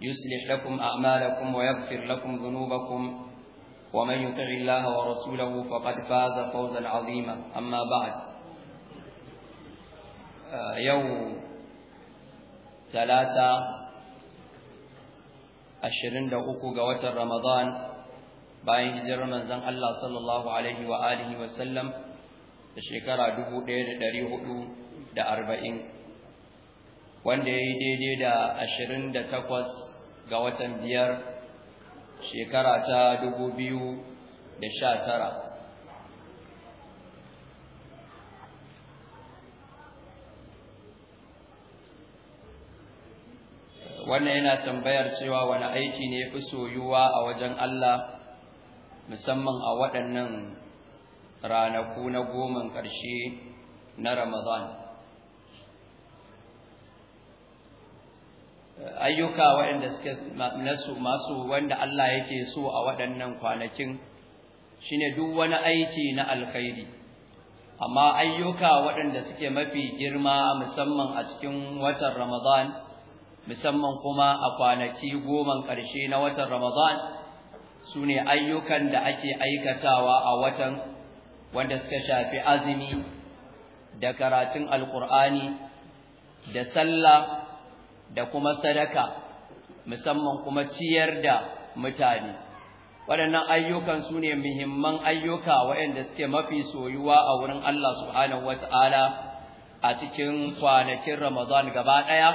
يصلح لكم أعمالكم ويغفر لكم ذنوبكم ومن يطع الله ورسوله فقد فاز فوزا عظيما أما بعد يوم ثلاثة ashirin da uku ga watan Ramadan bayan hijirar manzon Allah sallallahu da shekara dubu ɗaya da ɗari hudu da arba'in wanda ya yi daidai da ashirin da takwas ga watan biyar shekara ta dubu biyu da sha tara wannan yana tambayar cewa wani aiki ne fi soyuwa a wajen Allah musamman a waɗannan ranaku na goma ƙarshe na Ramadan. ayyuka waɗanda suke nasu masu wanda Allah yake so a waɗannan kwanakin shine duk wani aiki na alkhairi amma ayyuka waɗanda suke mafi girma musamman a cikin watan Ramadan musamman kuma a kwanaki goma ƙarshe na watan Ramadan sune ayyukan da ake aikatawa a watan wanda suka shafi azumi da karatun alkur'ani da sallah da kuma sadaka musamman kuma ciyar da mutane waɗannan ayyukan su ne muhimman ayyuka waɗanda suke mafi soyuwa a wurin Allah subhanahu wata'ala a cikin kwanakin Ramadan gaba ɗaya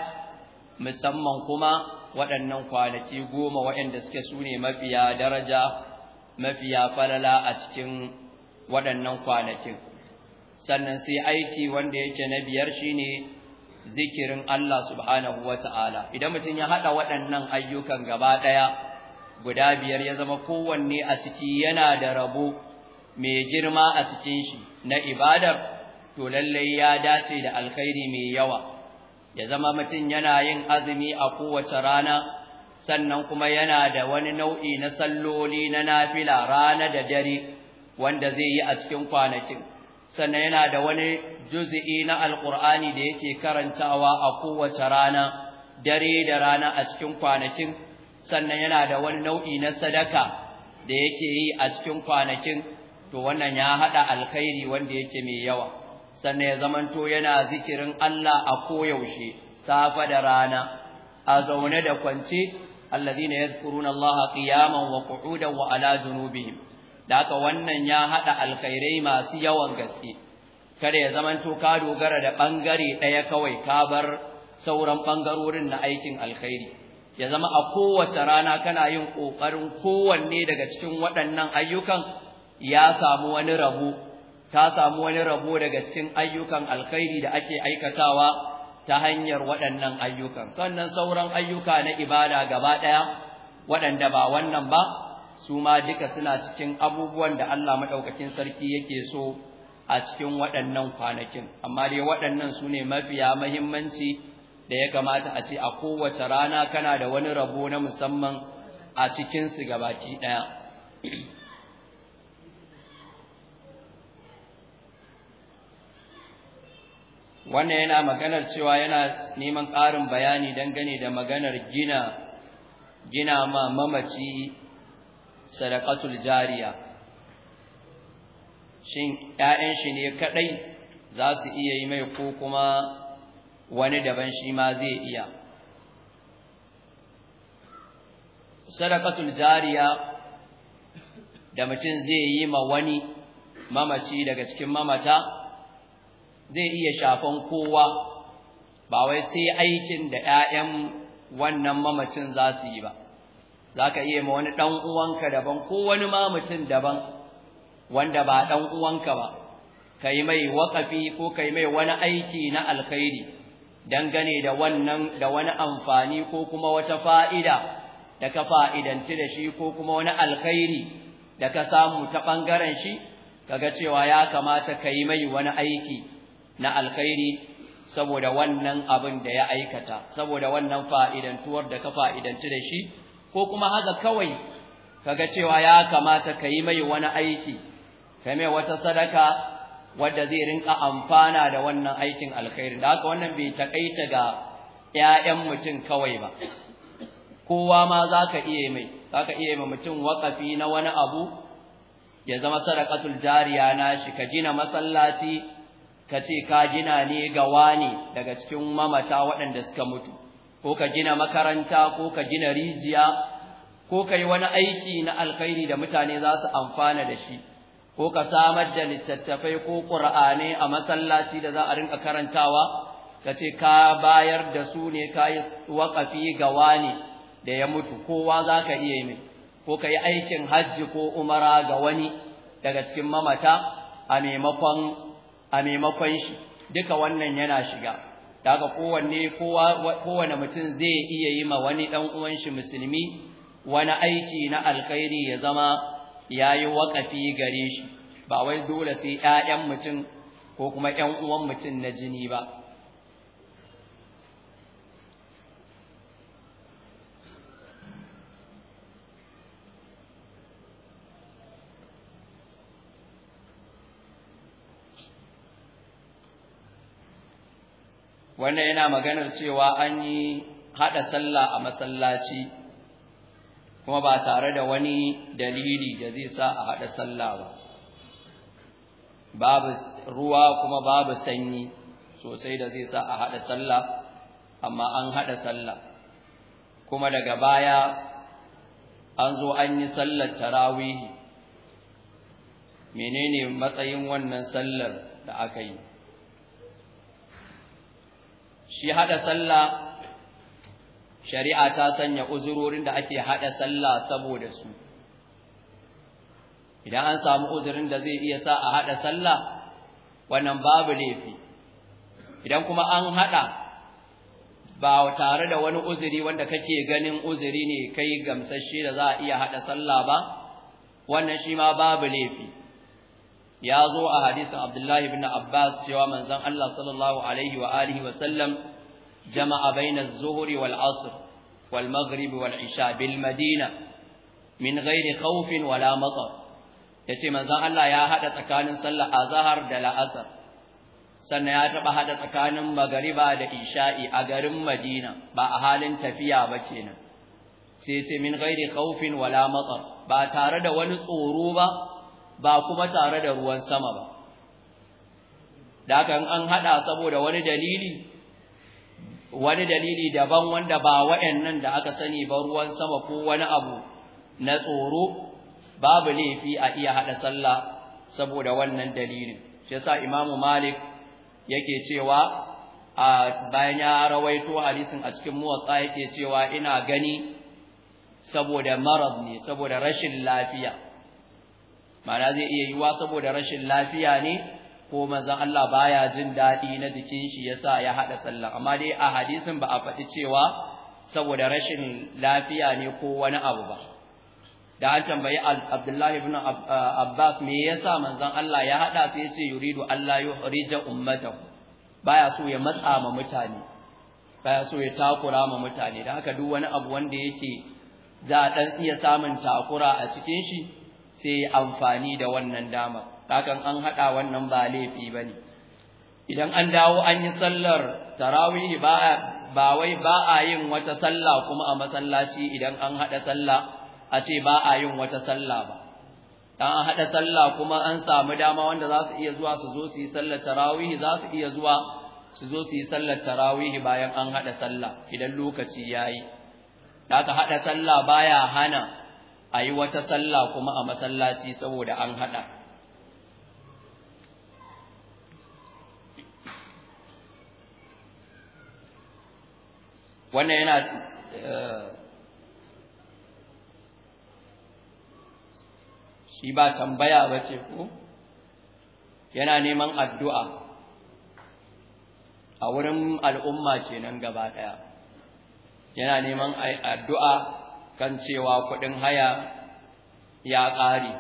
musamman kuma waɗannan kwanaki goma waɗanda suke su ne mafiya daraja mafiya falala a cikin waɗannan kwanakin sannan sai aiki wanda yake na biyar shine zikirin Allah subhanahu wata'ala idan mutum ya hada waɗannan ayyukan gaba ɗaya guda biyar ya zama kowanne a ciki yana da rabo mai girma a cikin shi na ibadar to lallai ya dace da alkhairi mai yawa ya zama mutum yana yin azumi a kowace rana sannan kuma yana da wani nau'i na salloli na nafila rana da dare wanda zai yi a cikin kwanakin sannan yana da wani juz'i na alqur'ani da yake karantawa a kowace rana dare da rana a cikin kwanakin sannan yana da wani nau'i na sadaka da yake yi a cikin kwanakin to wannan ya hada alkhairi wanda yake mai yawa sannan ya zamanto yana zikirin Allah a koyaushe safa da rana a zaune da kwance alladhina yadhkuruna Allah qiyaman wa qu'udan wa ala junubihim da haka wannan ya hada alkhairai masu yawan gaske kada ya zamanto ka dogara da ɓangare ɗaya kawai ka bar sauran bangarorin na aikin alkhairi ya zama a kowace rana kana yin ƙoƙarin kowanne daga cikin waɗannan ayyukan ya samu wani rabo ta samu wani rabo daga cikin ayyukan alkhairi da ake aikatawa ta hanyar waɗannan ayyukan sannan sauran ayyuka na ibada gaba ɗaya waɗanda ba wannan ba su ma duka suna cikin abubuwan da Allah maɗaukakin sarki yake so a cikin waɗannan kwanakin amma dai waɗannan su ne mafiya mahimmanci da ya kamata a ce a kowace rana kana da wani rabo na musamman a cikinsu baki ɗaya wannan yana maganar cewa yana neman ƙarin bayani dangane da maganar gina ma mamaci sadaqatul jariya shin ‘ya'yan shi ne kaɗai za su iya yi mai ko kuma wani daban shi ma zai iya. Sadakatul jariya da mutum zai yi ma wani mamaci daga cikin mamata zai iya shafan kowa ba wai sai aikin da ‘ya'yan wannan mamacin za su yi ba. Za ka iya ma wani ɗan uwanka daban ko wani mamacin daban. wanda ba ɗan uwanka ba kai mai waƙafi ko kai mai wani aiki na alkhairi dangane da wannan da wani amfani ko kuma wata fa'ida da ka fa'idanci da shi ko kuma wani alkhairi da ka samu ta ɓangaren shi kaga cewa ya kamata ka yi mai wani aiki na alkhairi saboda wannan abin da ya aikata saboda wannan fa'idantuwar da ka fa'idanci da shi ko kuma haka kawai kaga cewa ya kamata ka yi mai wani aiki kame wata sadaka wadda zai rinka amfana da wannan aikin alkhairi da haka wannan bai takaita ga ƴaƴan mutum kawai ba kowa ma zaka iya mai zaka iya mai mutum waƙafi na wani abu ya zama sadaqatul jariya na shi ka gina masallaci ka ce ka gina ne ga wani daga cikin mamata waɗanda suka mutu ko ka gina makaranta ko ka gina rijiya ko ka wani aiki na alkhairi da mutane za su amfana da shi ko ka samar da littattafai ko ƙur'anai a masallaci da za a rinka karantawa ka ce ka bayar da su ne ka yi waƙafi ga wani da ya mutu kowa za ka iya yi ko ka yi aikin hajji ko umara ga wani daga cikin mamata a maimakon shi duka wannan yana shiga daga kowanne kowane mutum zai iya yi ma wani ɗan uwan shi musulmi wani aiki na alkhairi ya zama Ya yi waƙafi gare shi ba wai dole sai 'ya'yan mutum ko kuma 'yan'uwan uwan mutum na jini ba wannan yana maganar cewa an yi haɗa sallah a masallaci kuma ba tare da wani dalili da zai sa a haɗa sallah ba babu ruwa kuma babu sanyi sosai da zai sa a haɗa sallah amma an haɗa sallah kuma daga baya an zo an yi sallar tarawihi menene matsayin wannan sallar da aka yi shi haɗa sallah shari'a ta sanya uzurorin da ake hada sallah saboda su idan an samu uzurin da zai iya sa a hada sallah wannan babu laifi idan kuma an hada ba tare da wani uzuri wanda kake ganin uzuri ne kai gamsashe da za a iya hada sallah ba wannan shi ma babu laifi ya zo a hadisin Abdullahi ibn Abbas cewa manzon Allah sallallahu alaihi wa alihi wa sallam جمع بين الظهر والعصر والمغرب والعشاء بالمدينة من غير خوف ولا مطر yace manzon Allah ya hada tsakanin sallar azhar da la'asar sannan ya taba hada tsakanin magariba da isha'i a garin Madina ba a halin tafiya ba kenan sai ce min ghairi khawfin wala matar ba tare da wani tsoro ba ba kuma tare da ruwan sama ba da haka an hada saboda wani dalili wani dalili daban wanda ba waɗannan da aka sani ba ruwan sama ko wani abu na tsoro babu laifi a iya hada sallah saboda wannan dalilin shi yasa Imam Malik yake cewa a bayan ya rawaito hadisin a cikin muwatta yake cewa ina gani saboda marad ne saboda rashin lafiya ma'ana zai iya yiwa saboda rashin lafiya ne ko manzon Allah baya jin daɗi na jikin shi yasa ya haɗa sallah amma dai a hadisin ba a faɗi cewa saboda rashin lafiya ne ko wani abu ba da an tambayi Abdullahi ibn Abbas me yasa manzon Allah ya haɗa sai ya ce yuridu Allah yuhrija ummatahu baya so ya matsa ma mutane baya so ya takura ma mutane da haka duk wani abu wanda yake za a dan iya samun takura a cikin shi sai amfani da wannan damar kakan an haɗa wannan ba laifi ba ne idan an dawo an yi sallar tarawih ba wai ba a yin wata sallah kuma a masallaci idan an haɗa sallah a ce ba a yin wata sallah ba dan an haɗa sallah kuma an samu dama wanda za su iya zuwa su zo su yi sallar tarawih za su iya zuwa su zo su yi sallar tarawih bayan an haɗa sallah idan lokaci yayi haka haɗa sallah baya hana a yi wata sallah kuma a masallaci saboda an haɗa wannan yana eh, shi ba tambaya ba ce ko yana neman addu'a a wurin al'umma ke nan gaba ɗaya yana neman addu'a kan cewa kuɗin haya ya ƙari,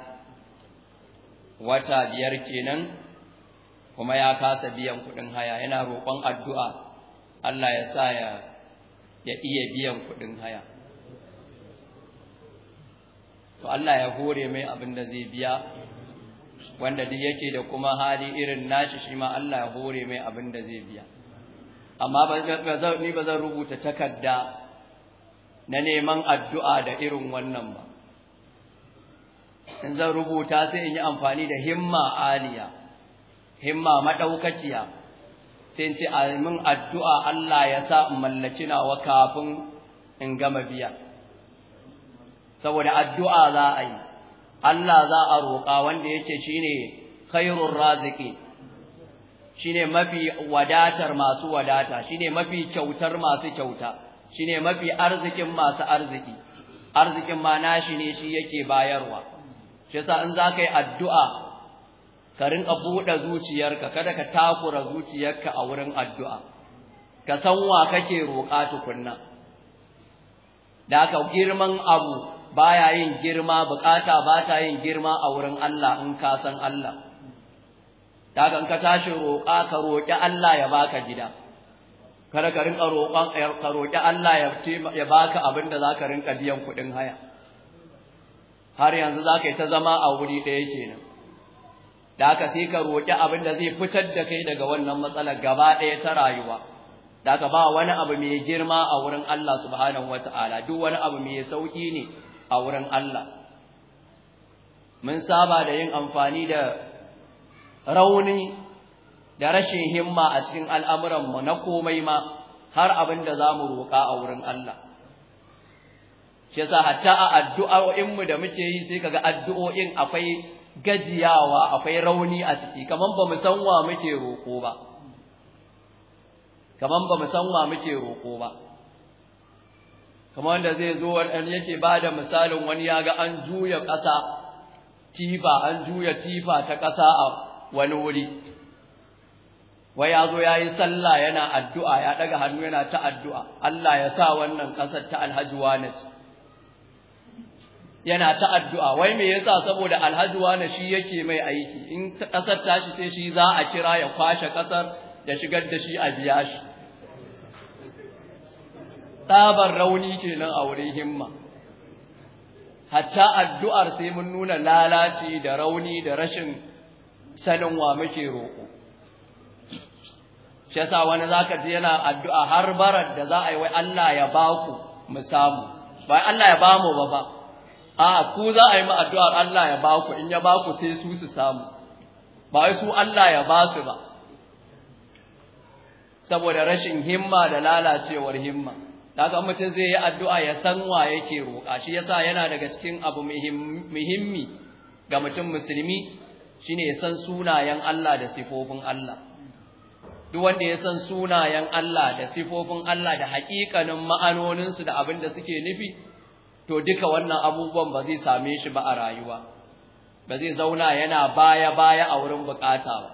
wata biyar kenan kuma ya kasa biyan kuɗin haya yana roƙon addu'a Allah ya sa ya ya iya biyan kuɗin haya to Allah ya hore mai abin da zai biya wanda duk yake da kuma hali irin nashi shi ma Allah ya hore mai abin da zai biya amma ni ba zan rubuta takarda na neman addu'a da irin wannan ba in zan rubuta sai in yi amfani da himma aliya himma maɗaukaciya. sai ce a min addu'a Allah ya sa in mallaki nawa kafin in gama biya saboda addu'a za a yi Allah za a roƙa wanda yake ne khairur raziki ne mafi wadatar masu wadata shi ne mafi kyautar masu kyauta shi ne mafi arzikin masu arziki arzikin ma nashi ne shi yake bayarwa shi in za ka yi addu'a ka rinka buɗe zuciyarka kada ka takura zuciyarka a wurin addu'a ka san wa kake roƙa tukunna da ka girman abu baya yin girma bukata ba ta yin girma a wurin Allah in ka san Allah da kan ka tashi roƙa ka roƙi Allah ya baka gida kada ka rinka roƙon ka roƙi Allah ya baka abin da zaka rinka biyan kuɗin haya har yanzu zaka yi ta zama a wuri ɗaya kenan da aka sai ka roki abin da zai fitar da kai daga wannan matsalar gaba ɗaya ta rayuwa da ka ba wani abu mai girma a wurin Allah subhanahu wataala duk wani abu mai sauki ne a wurin Allah mun saba da yin amfani da rauni da rashin himma a cikin al'amuranmu na komai ma har abin da za mu roƙa a wurin Allah. Shi yasa hatta a addu'o'inmu da muke yi sai kaga addu'o'in akwai gajiyawa akwai rauni a ciki kaman ba mu san wa muke roko ba kaman ba mu san wa muke roko ba kaman da zai zo wani yake bada misalin wani ya ga an juya ƙasa tifa an juya tifa ta ƙasa a wani wuri wai ya zo ya sallah yana addu'a ya ɗaga hannu yana ta addu'a Allah ya sa wannan ƙasar ta alhaji wani yana ta addu'a wai me yasa saboda alhaji wani shi yake mai aiki in kasar tashi sai shi za a kira ya kwashe kasar da shigar da shi a biya shi tsabar rauni ce nan a wurin himma hatta addu'ar sai mun nuna lalaci da rauni da rashin sanin wa muke roƙo shi yasa wani zaka ji yana addu'a har barar da za a yi wai Allah ya baku mu samu bai Allah ya bamu ba ba a ku za a yi ma addu'ar Allah ya ba ku? in ya ba ku sai su su samu ba wai su Allah ya ba su ba saboda rashin himma da lalacewar himma daga mutum zai yi addu'a ya san wa yake roƙa shi yasa yana daga cikin abu muhimmi ga mutum musulmi shine ya san sunayen Allah da sifofin Allah duk wanda ya san sunayen Allah da sifofin Allah da haƙiƙanin ma'anoninsu da abin da suke nufi to duka wannan abubuwan ba zai same shi ba a rayuwa ba zai zauna yana baya baya a wurin bukata ba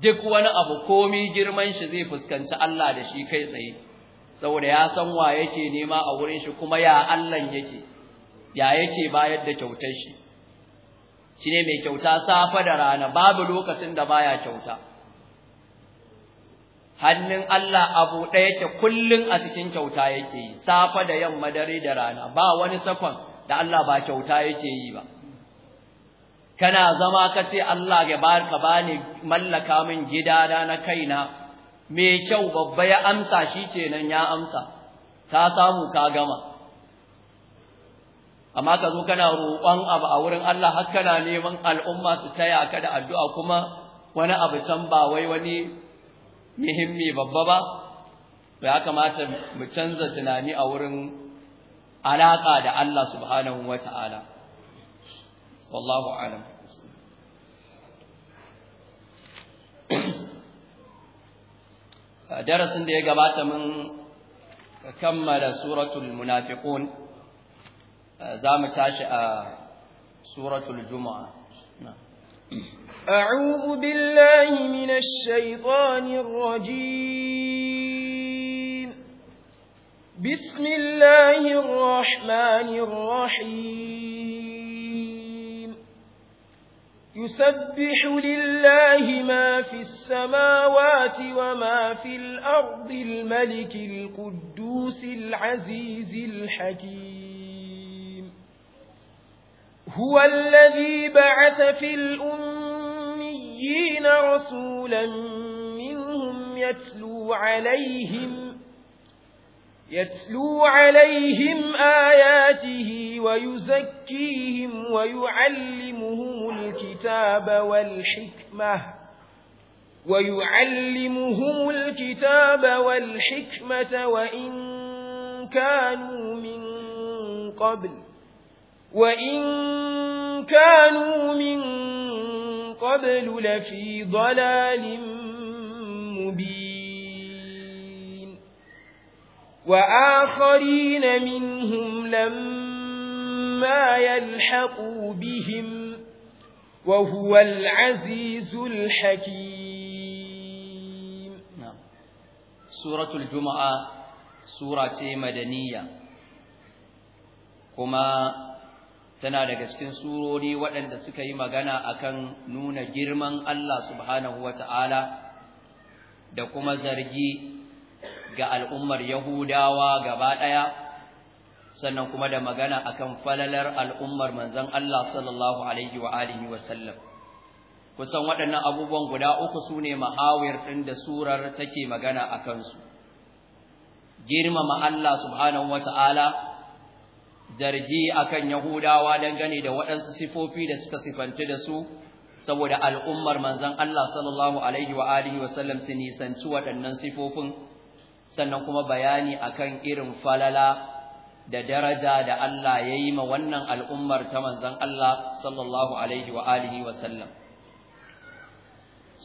duk wani abu komi girman shi zai fuskanci Allah da shi kai tsaye saboda ya san wa yake nema a wurin shi kuma ya Allah yake ya yake bayar da kyautar shi shine mai kyauta safa da rana babu lokacin da baya kyauta hannun Allah abu ɗaya yake kullum a cikin kyauta yake yi safa da yamma dare da rana ba wani sakon da Allah ba kyauta yake yi ba kana zama ka ce Allah ya barka bani mallaka min gidana na kaina me kyau babba ya amsa shi kenan ya amsa ka samu ka gama amma ka zo kana roƙon abu a wurin Allah har kana neman al'umma su taya ka da addu'a kuma wani abu can ba wai wani muhimmi babba ba ya kamata mu canza tunani a wurin alaƙa da Allah subhanahu wa ta'ala wallahu alam darasin da ya gabata mun kammala suratul munafiqun za mu tashi a suratul juma'a أعوذ بالله من الشيطان الرجيم بسم الله الرحمن الرحيم يسبح لله ما في السماوات وما في الأرض الملك القدوس العزيز الحكيم هو الذي بعث في الأميين رسولا منهم يتلو عليهم يتلو عليهم آياته ويزكيهم ويعلمهم الكتاب والحكمة ويعلمهم الكتاب والحكمة وإن كانوا من قبل وإن كانوا من قبل لفي ضلال مبين وآخرين منهم لما يلحقوا بهم وهو العزيز الحكيم نعم. سورة الجمعة سورة مدنية كما tana daga cikin surori waɗanda suka yi magana akan nuna girman Allah subhanahu wata'ala da kuma zargi ga al'ummar Yahudawa gaba ɗaya sannan kuma da magana akan falalar al'ummar manzon Allah sallallahu alaihi wa alihi wa sallam kusan waɗannan abubuwan guda uku sune mahawir ɗin da surar take magana akan su girmama Allah subhanahu wata'ala zargi akan Yahudawa dangane da waɗansu sifofi da suka sifantu da su saboda al'ummar manzan Allah sallallahu alaihi wa alihi wa sallam su nisanci waɗannan sifofin sannan kuma bayani akan irin falala da daraja da Allah ya yi ma wannan al'ummar ta manzan Allah sallallahu alaihi wa alihi wa sallam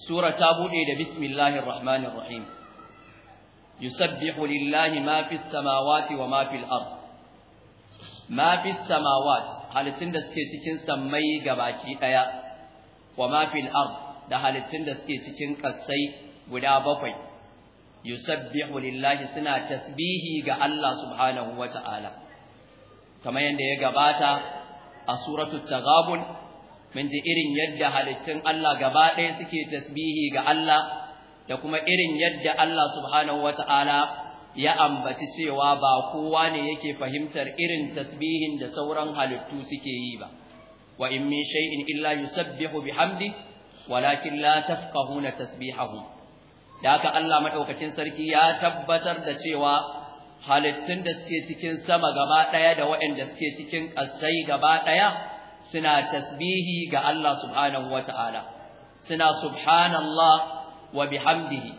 sura ta buɗe da bismillahir rahmanir rahim yusabbihu lillahi ma fis samawati wa ma fil ardh ma fi samawat halittun da suke cikin sammai gabaki daya wa ma fil ard da halittun da suke cikin ƙasai guda bakwai yusabbihu lillahi suna tasbihi ga Allah subhanahu wata'ala kamar yadda ya gabata a suratul taghabun mun ji irin yadda halittun Allah gaba ɗaya suke tasbihi ga Allah da kuma irin yadda Allah subhanahu wata'ala ya ambaci cewa ba kowa ne yake fahimtar irin tasbihin da sauran halittu suke yi ba wa in min shay'in illa yusabbihu bihamdi walakin la tafqahuna tasbihahum da haka Allah madaukakin sarki ya tabbatar da cewa halittun da suke cikin sama gaba daya da waɗanda suke cikin ƙasai gaba daya suna tasbihi ga Allah subhanahu wataala suna subhanallah wa bihamdihi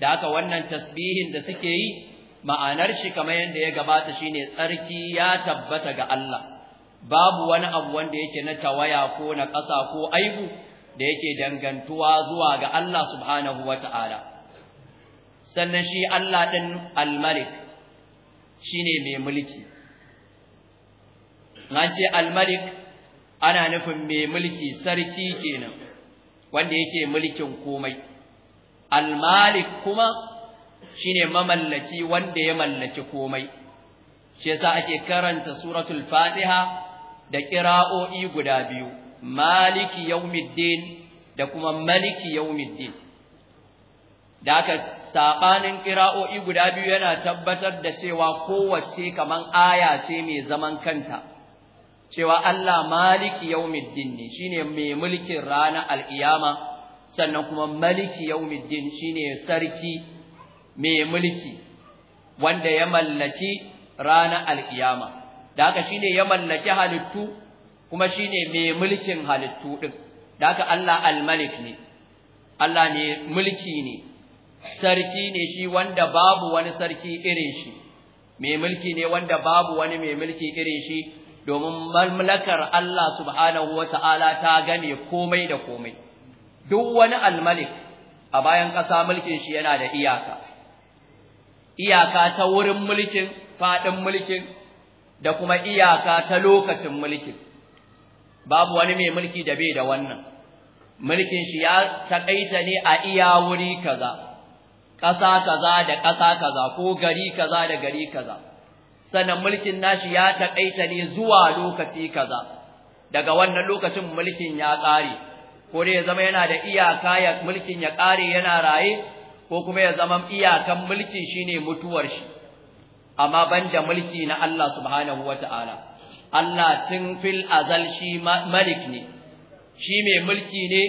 da haka wannan tasbihin da suke yi ma'anar shi kamar yadda ya gabata shine tsarki ya tabbata ga Allah babu wani abu wanda yake na tawaya ko na ƙasa ko aibu da yake dangantuwa zuwa ga Allah subhanahu wata'ala sannan shi Allah ɗin al-malik shine mai mulki an ce al-malik ana nufin mai mulki sarki kenan wanda yake mulkin komai al-malik kuma shine mamallaki wanda ya mallaki komai shi yasa ake karanta suratul fatiha da qira'o'i guda biyu maliki yawmiddin da kuma maliki yawmiddin da aka sabanin qira'o'i guda biyu yana tabbatar da cewa kowace kaman aya ce mai zaman kanta cewa Allah maliki yawmiddin ne shine mai mulkin rana al'iyama, sannan kuma maliki yawmiddin shine sarki mai mulki wanda ya mallaki ranar alkiyama da haka shine ya mallaki halittu kuma shine mai mulkin halittu ɗin, da haka Allah al-Malik ne Allah ne mulki ne sarki ne shi wanda babu wani sarki irin shi mai mulki ne wanda babu wani mai mulki irin shi domin mulkar Allah subhanahu wata'ala ta game komai da komai duk wani al-Malik a bayan ƙasa mulkin shi yana da iyaka iyaka ta wurin mulkin faɗin mulkin da kuma iyaka ta lokacin mulkin babu wani mai mulki da bai da wannan mulkin shi ya taƙaita ne a iya wuri kaza ƙasa kaza da ƙasa kaza ko gari kaza da gari kaza sannan mulkin nashi ya taƙaita ne zuwa lokaci kaza daga wannan lokacin mulkin ya ƙare ko dai ya zama yana da iyaka ya mulkin ya ƙare yana raye ko kuma ya zama iyakan mulki shine mutuwar shi amma banda mulki na Allah subhanahu Ta'ala. Allah tun fil azal shi malik ne shi mai mulki ne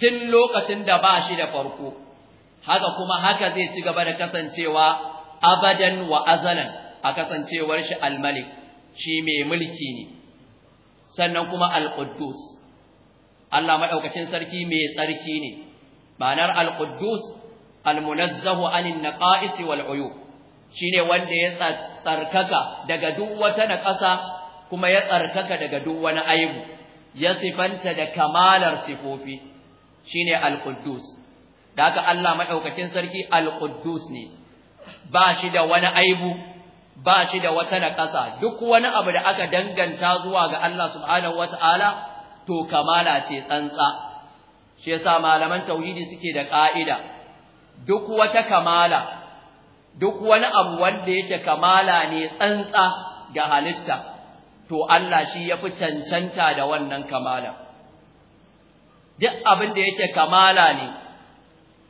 tun lokacin da ba shi da farko haka kuma haka zai ci gaba da kasancewa abadan wa azalan a kasancewar shi al-malik shi mai mulki ne sannan kuma al-quddus Allah madaukakin sarki mai tsarki ne banar al-quddus almunazzahu anin naqa'is wal uyub shine wanda ya tsarkaka daga duk wata naqasa kuma ya tsarkaka daga duk wani aibu ya sifanta da kamalar sifofi shine al-quddus da haka Allah madaukakin sarki al-quddus ne ba shi da wani aibu ba shi da wata naƙasa duk wani abu da aka danganta zuwa ga Allah subhanahu wata'ala to kamala ce tsantsa shi yasa malaman tauhidi suke da ka'ida. duk wata kamala duk wani abu wanda yake kamala ne tsantsa ga halitta to Allah shi yafi cancanta da wannan kamala duk abin da yake kamala ne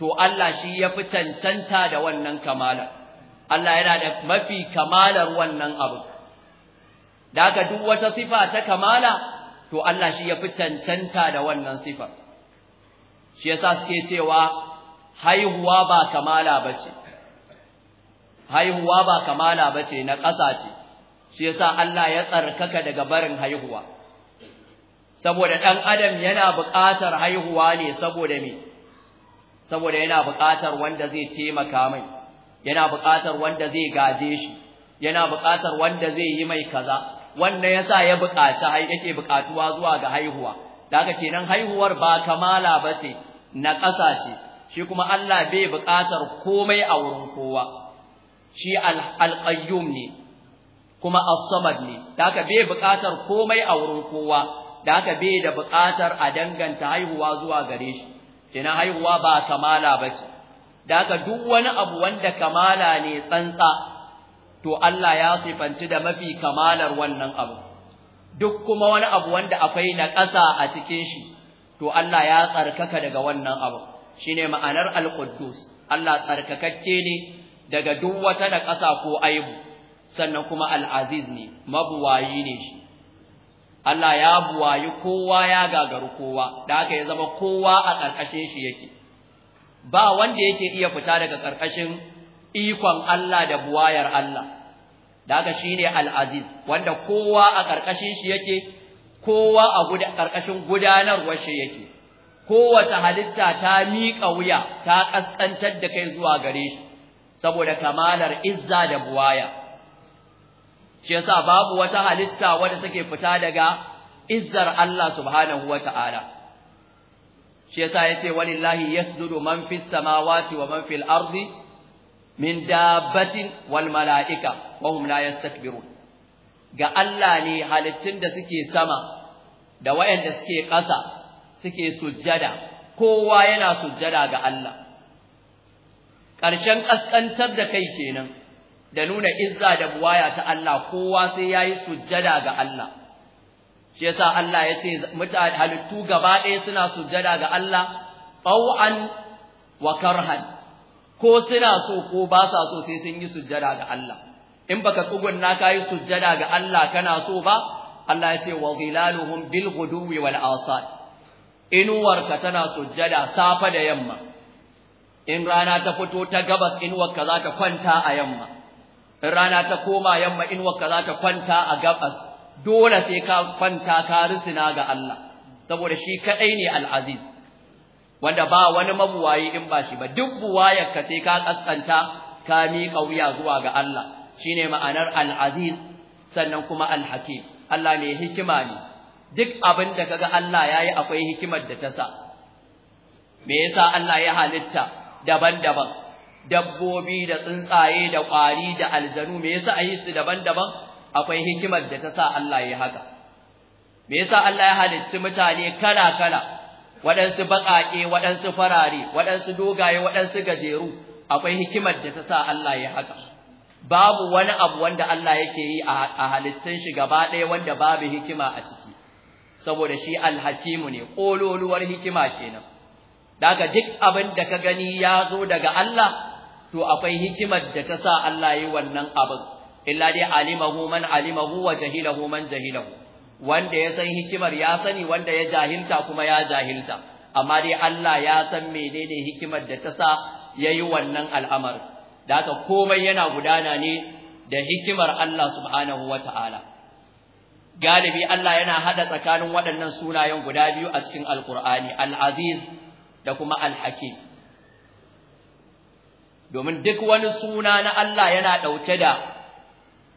to Allah shi yafi cancanta da wannan kamala Allah yana da mafi kamalar wannan abu da duk wata sifa ta kamala to Allah shi yafi cancanta da wannan sifa shi yasa suke cewa haihuwa ba kamala bace haihuwa ba kamala bace na ƙasa ce shi yasa Allah ya tsarkaka daga barin haihuwa saboda dan adam yana buƙatar haihuwa ne saboda me saboda yana buƙatar wanda zai taimaka mai yana buƙatar wanda zai gaje shi yana buƙatar wanda zai yi mai kaza wanda yasa ya buƙaci hai yake buƙatuwa zuwa ga haihuwa da haka kenan haihuwar ba kamala bace na ƙasa ce shi kuma Allah bai buƙatar komai a wurin kowa shi al-qayyum ne kuma as-samad ne da haka bai buƙatar komai a wurin kowa da haka bai da buƙatar a danganta haihuwa zuwa gare shi ina haihuwa ba kamala bace da haka duk wani abu wanda kamala ne tsantsa to Allah ya sifanci da mafi kamalar wannan abu duk kuma wani abu wanda akwai na ƙasa a cikin shi to Allah ya tsarkaka daga wannan abu shine ma'anar al-quddus Allah tsarkakakke ne daga duk wata da ƙasa ko aibu sannan kuma al-aziz ne mabuwayi ne shi Allah ya buwayi kowa ya gagaru kowa da haka ya zama kowa a ƙarƙashin shi yake ba wanda yake iya fita daga ƙarƙashin ikon Allah da buwayar Allah da haka shine al-aziz wanda kowa a ƙarƙashin shi yake kowa a ƙarƙashin gudanarwar shi yake kowace halitta ta miƙa wuya ta ƙasƙantar da kai zuwa gare shi saboda kamalar izza da buwaya shi yasa babu wata halitta wadda take fita daga izzar Allah subhanahu wata'ala shi yasa yace walillahi yasjudu man fis samawati wa man fil ardi min dabbatin wal mala'ika wa hum la yastakbirun ga Allah ne halittun da suke sama da wayanda suke ƙasa suke sujjada kowa yana sujjada ga Allah ƙarshen ƙasƙantar da kai kenan da nuna izza da buwaya ta Allah kowa sai yayi sujjada ga Allah shi yasa Allah ya ce mutane halittu gaba ɗaya suna sujjada ga Allah taw'an wa karhan ko suna so ko ba sa so sai sun yi sujjada ga Allah in baka tsugunna ka yi sujjada ga Allah kana so ba Allah ya ce wa zilaluhum bil ghuduwi wal asad inuwarka tana sujjada safa da yamma in rana ta fito ta gabas inuwarka za ta kwanta a yamma in rana ta koma yamma inuwarka za ta kwanta a gabas dole sai ka kwanta ka risina ga Allah saboda shi kadai ne al-aziz wanda ba wani mabuwayi in ba shi ba duk buwayarka sai ka kaskanta ka miƙa wuya zuwa ga Allah shine ma'anar al sannan kuma al-hakim Allah mai hikima ne duk abin da kaga Allah yayi akwai hikimar da ta sa me yasa Allah ya halitta daban-daban dabbobi da tsuntsaye da ƙwari da aljanu me yasa ayi su daban-daban akwai hikimar da ta sa Allah ya haka me yasa Allah ya halicci mutane kala-kala waɗansu baƙaƙe waɗansu farare waɗansu dogaye waɗansu gajeru akwai hikimar da ta sa Allah ya haka babu wani abu wanda Allah yake yi a halittun shi gaba ɗaya wanda babu hikima a ciki saboda shi alhakimu ne ƙololuwar hikima kenan daga duk abin da ka gani ya zo daga Allah to akwai hikimar da ta sa Allah yi wannan abin illa dai alimahu man alimahu wa jahilahu man jahilahu wanda ya san hikimar ya sani wanda ya jahilta kuma ya jahilta amma dai Allah ya san menene hikimar da ta sa yayi wannan al'amar da haka komai yana gudana ne da hikimar Allah subhanahu wataala galibi Allah yana hada tsakanin waɗannan sunayen guda biyu a cikin Alƙur'ani, Al-Aziz da kuma al Domin duk wani suna na Allah yana ɗauke da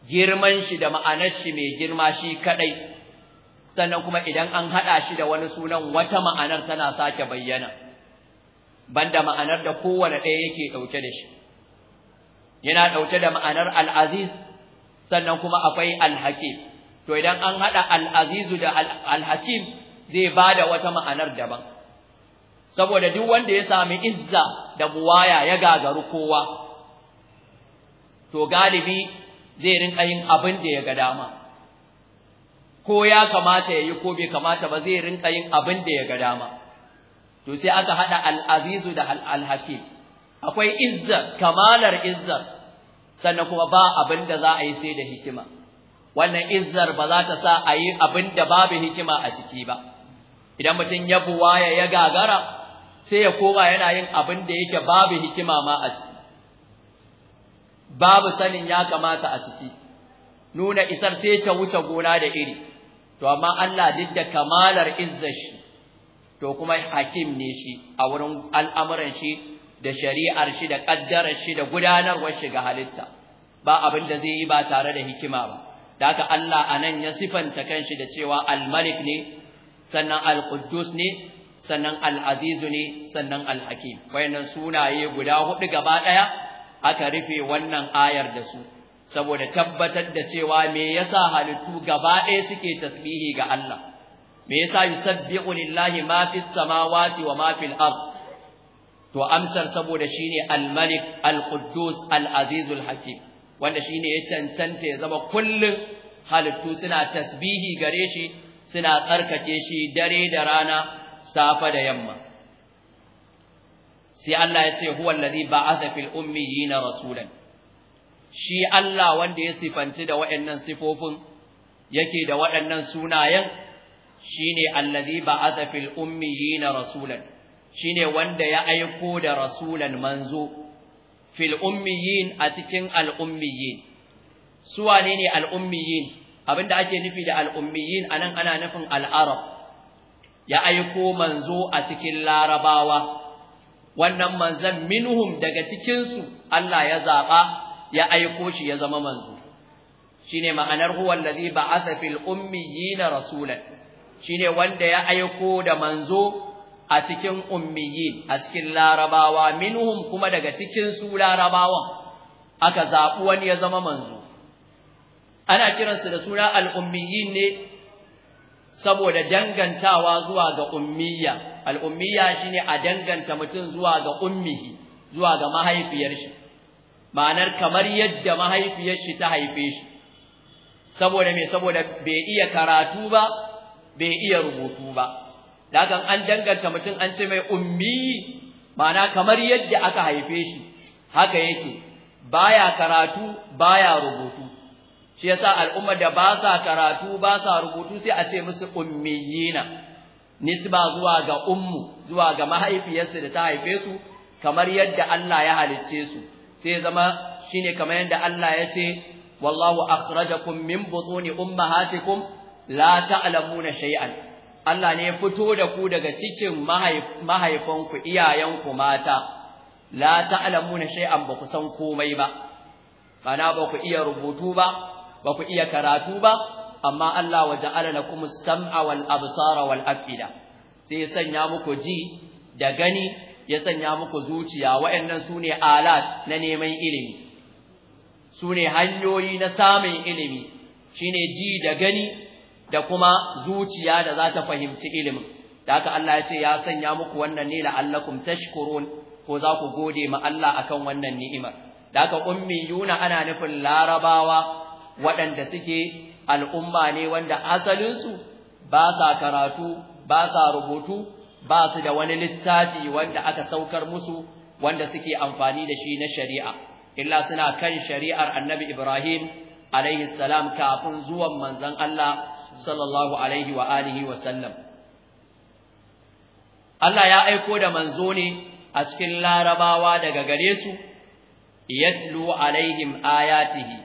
girman shi da ma'anar shi mai girma shi kaɗai, sannan kuma idan an haɗa shi da wani sunan wata ma'anar tana sake bayyana, banda ma'anar da kowane ɗaya yake ɗauke da shi. Yana ɗauke da ma'anar al sannan kuma akwai al to idan an haɗa al'azizu da alhakim, zai ba da wata ma'anar daban saboda duk wanda ya sami izza da buwaya ya gagaru kowa to galibi zai rinka yin abin da ya ga dama ko ya kamata ya yi ko bai kamata ba zai rinka yin abin da ya ga dama to sai aka haɗa al da al-hakim akwai izza kamalar izza sannan kuma ba abin da za a yi sai da hikima wannan izzar ba za ta sa a yi abin da babu hikima a ciki ba idan mutum ya buwaya ya gagara sai ya koma yana yin abin da yake babu hikima ma a ciki babu sanin ya kamata a ciki nuna isar sai ta wuce gona da iri to amma Allah duk da kamalar izzar shi to kuma hakim ne shi a wurin al'amuran shi da shari'ar shi da ƙaddarar shi da gudanarwar shi ga halitta ba abin da zai yi ba tare da hikima ba da haka Allah anan ya sifanta kanshi da cewa al-malik ne sannan al-quddus ne sannan al azizu ne sannan al-hakim wayannan sunaye guda hudu gaba daya aka rufe wannan ayar da su saboda tabbatar da cewa me yasa halittu gaba ɗaya suke tasbihi ga Allah me yasa yusabbihu lillahi ma fis samawati wa ma fil ard to amsar saboda shine al-malik al-quddus al hakim wanda ne ya cancanta ya zama kullun halittu suna tasbihi gare shi suna tsarkake shi dare da rana safa da yamma sai Allah ya ce huwa allazi ba'atha fil ummiyina rasulan shi Allah wanda ya sifanci da waɗannan sifofin yake da waɗannan sunayen shine allazi ba'atha fil ummiyina rasulan shine wanda ya aiko da rasulan manzo fil ummiyin a cikin al'ummiyin su wanene ne al'ummiyin abinda ake nufi da al'ummiyin nan ana nufin al'arab ya aiko manzo a cikin larabawa wannan manzan minhum daga cikinsu Allah ya zaɓa ya aiko shi ya zama manzo shine ma'anar zai ba'asa ba'atha fil ummiyina rasulan shine wanda ya aiko da manzo a cikin ummiyin a cikin larabawa minhum kuma daga cikin su larabawan aka zaɓi wani ya zama manzo ana kiransu da suna al'ummiyin ne saboda dangantawa zuwa ga ummiya al'ummiya shine a danganta mutum zuwa ga ummihi zuwa ga mahaifiyar shi ma'anar kamar yadda mahaifiyar shi ta haife shi saboda me saboda bai iya karatu ba bai iya rubutu ba Dakan an danganta mutum an ce mai ummi mana kamar yadda aka haife shi haka yake baya karatu baya rubutu shi yasa al'umma da ba sa karatu ba sa rubutu sai a ce musu ummiyina nisba zuwa ga ummu zuwa ga mahaifiyarsu da ta haife su kamar yadda Allah ya halicce su sai zama shine kamar yadda Allah ya ce wallahu akhrajakum min butuni ummahatikum la ta'lamuna shay'an Allah ne ya fito da ku daga cikin mahaifanku iyayenku mata, la alamu na shay'an ba ku san komai ba, bana ba ku iya rubutu ba, ba ku iya karatu ba, amma Allah wa ja'ala na kuma sam'a wal absara wal afida, sai ya sanya muku ji da gani ya sanya muku zuciya waɗannan sune ne alat na neman ilimi, sune hanyoyi na samun ilimi, shine ji da gani da kuma zuciya da za ta fahimci ilimin da haka Allah ya ce ya sanya muku wannan ne la'allakum tashkurun ko za ku gode ma Allah akan wannan ni'imar da haka yuna ana nufin larabawa waɗanda suke al'umma ne wanda asalinsu ba sa karatu ba sa rubutu ba su da wani littafi wanda aka saukar musu wanda suke amfani da shi na shari'a illa suna kan shari'ar annabi Ibrahim alaihi salam kafin zuwan manzon Allah sallallahu alaihi wa alihi wa sallam Allah ya aiko da manzo ne a cikin larabawa daga gare su yatlu alaihim ayatihi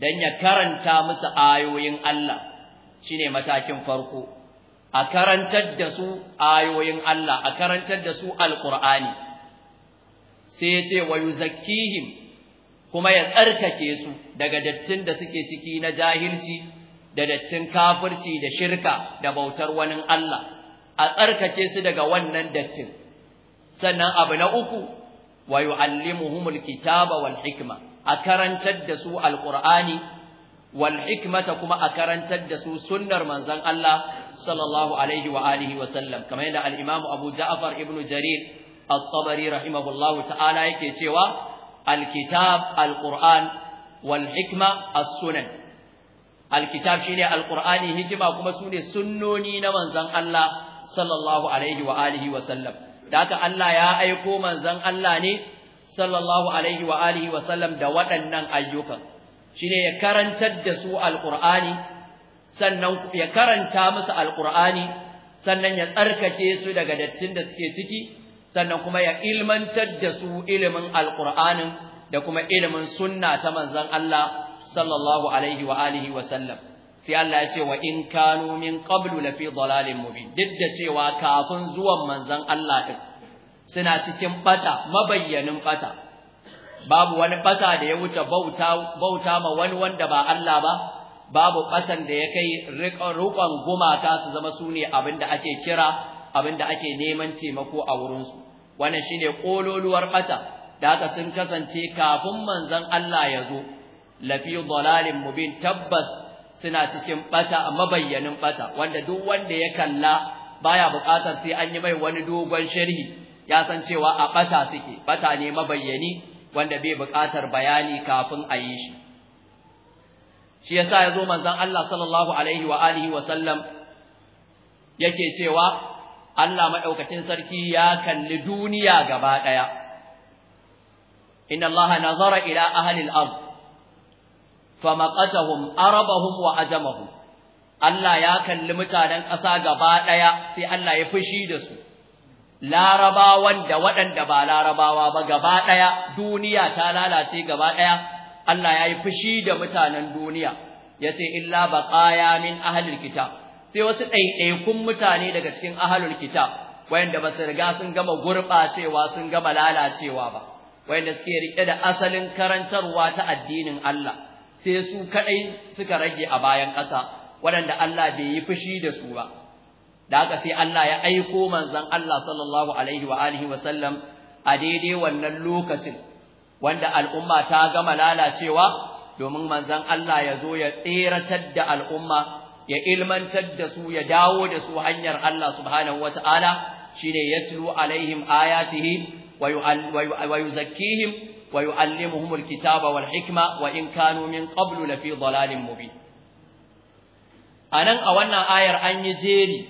dan ya karanta musu ayoyin Allah shine matakin farko a karantar da su ayoyin Allah a karantar da su alqur'ani sai ya ce wa yuzakkihim kuma ya tsarkake su daga dattin da suke ciki na jahilci da dattin kafirci da shirka da bautar wani Allah a tsarkake su daga wannan dattin sannan abu na uku wa yu'allimuhumul kitaba wal hikma a karantar da su alqur'ani wal hikmata kuma a karantar da su sunnar manzon Allah sallallahu alaihi wa alihi wa sallam kamar yadda al-Imam Abu Ja'far ibn Jarir at-Tabari rahimahullahu ta'ala yake cewa al-kitab al-Qur'an wal hikma as-sunan alkitab shine alqur'ani hikima kuma sune sunnoni na manzon Allah sallallahu da haka Allah ya aiko manzon Allah ne sallallahu da waɗannan ayyukan shine ya karantar da su alqur'ani sannan ya karanta musu alqur'ani sannan ya tsarkake su daga dattin da suke ciki sannan kuma ya ilmantar da su ilimin Alƙur'ani da kuma ilimin sunna ta manzon Allah sallallahu alaihi wa alihi wa sallam sai Allah ya ce wa in kanu min qablu la fi dhalalin mubin duk da cewa kafin zuwan manzon Allah din suna cikin bata mabayyanin bata babu wani bata da ya wuce bauta bauta ma wani wanda ba Allah ba babu batan da ya kai rukon gumata su zama sune abinda ake kira abinda ake neman taimako a wurin su wannan shine kololuwar bata da haka sun kasance kafin manzon Allah ya zo lafi dhalalin mubin tabbas suna cikin bata mabayyanin bata wanda duk wanda ya kalla baya bukatar sai an yi mai wani dogon sharhi ya san cewa a bata suke bata ne mabayyani wanda bai bukatar bayani kafin a yi shi shi yasa yazo manzon Allah sallallahu alaihi wa alihi wa sallam yake cewa Allah madaukakin sarki ya kalli duniya gaba daya inna Allah nazara ila ahli al-ard famaqatahum arabahum wa ajamahum Allah ya kalli mutanen ƙasa gaba ɗaya sai Allah ya fushi da su larabawan da waɗanda ba larabawa ba gaba ɗaya duniya ta lalace gaba ɗaya Allah ya yi fushi da mutanen duniya ya ce illa baqaya min ahlil kitab sai wasu ɗaiɗaikun mutane daga cikin ahlul kitab wayanda ba su riga sun gama gurɓacewa sun gama lalacewa ba wayanda suke riƙe da asalin karantarwa ta addinin Allah sai su kadai suka rage a bayan ƙasa waɗanda Allah bai yi fushi da su ba da haka sai Allah ya aiko manzon Allah sallallahu alaihi wa alihi wa sallam a daidai wannan lokacin wanda al'umma ta gama lalacewa domin manzon Allah ya zo ya tseratar da al'umma ya ilmantar da su ya dawo da su hanyar Allah subhanahu wata'ala shine yaslu alaihim ayatihi wa yuzakkihim ويعلمهم الكتاب والحكمة وإن كانوا من قبل لفي ضلال مبين anan a wannan ayar an yi jeri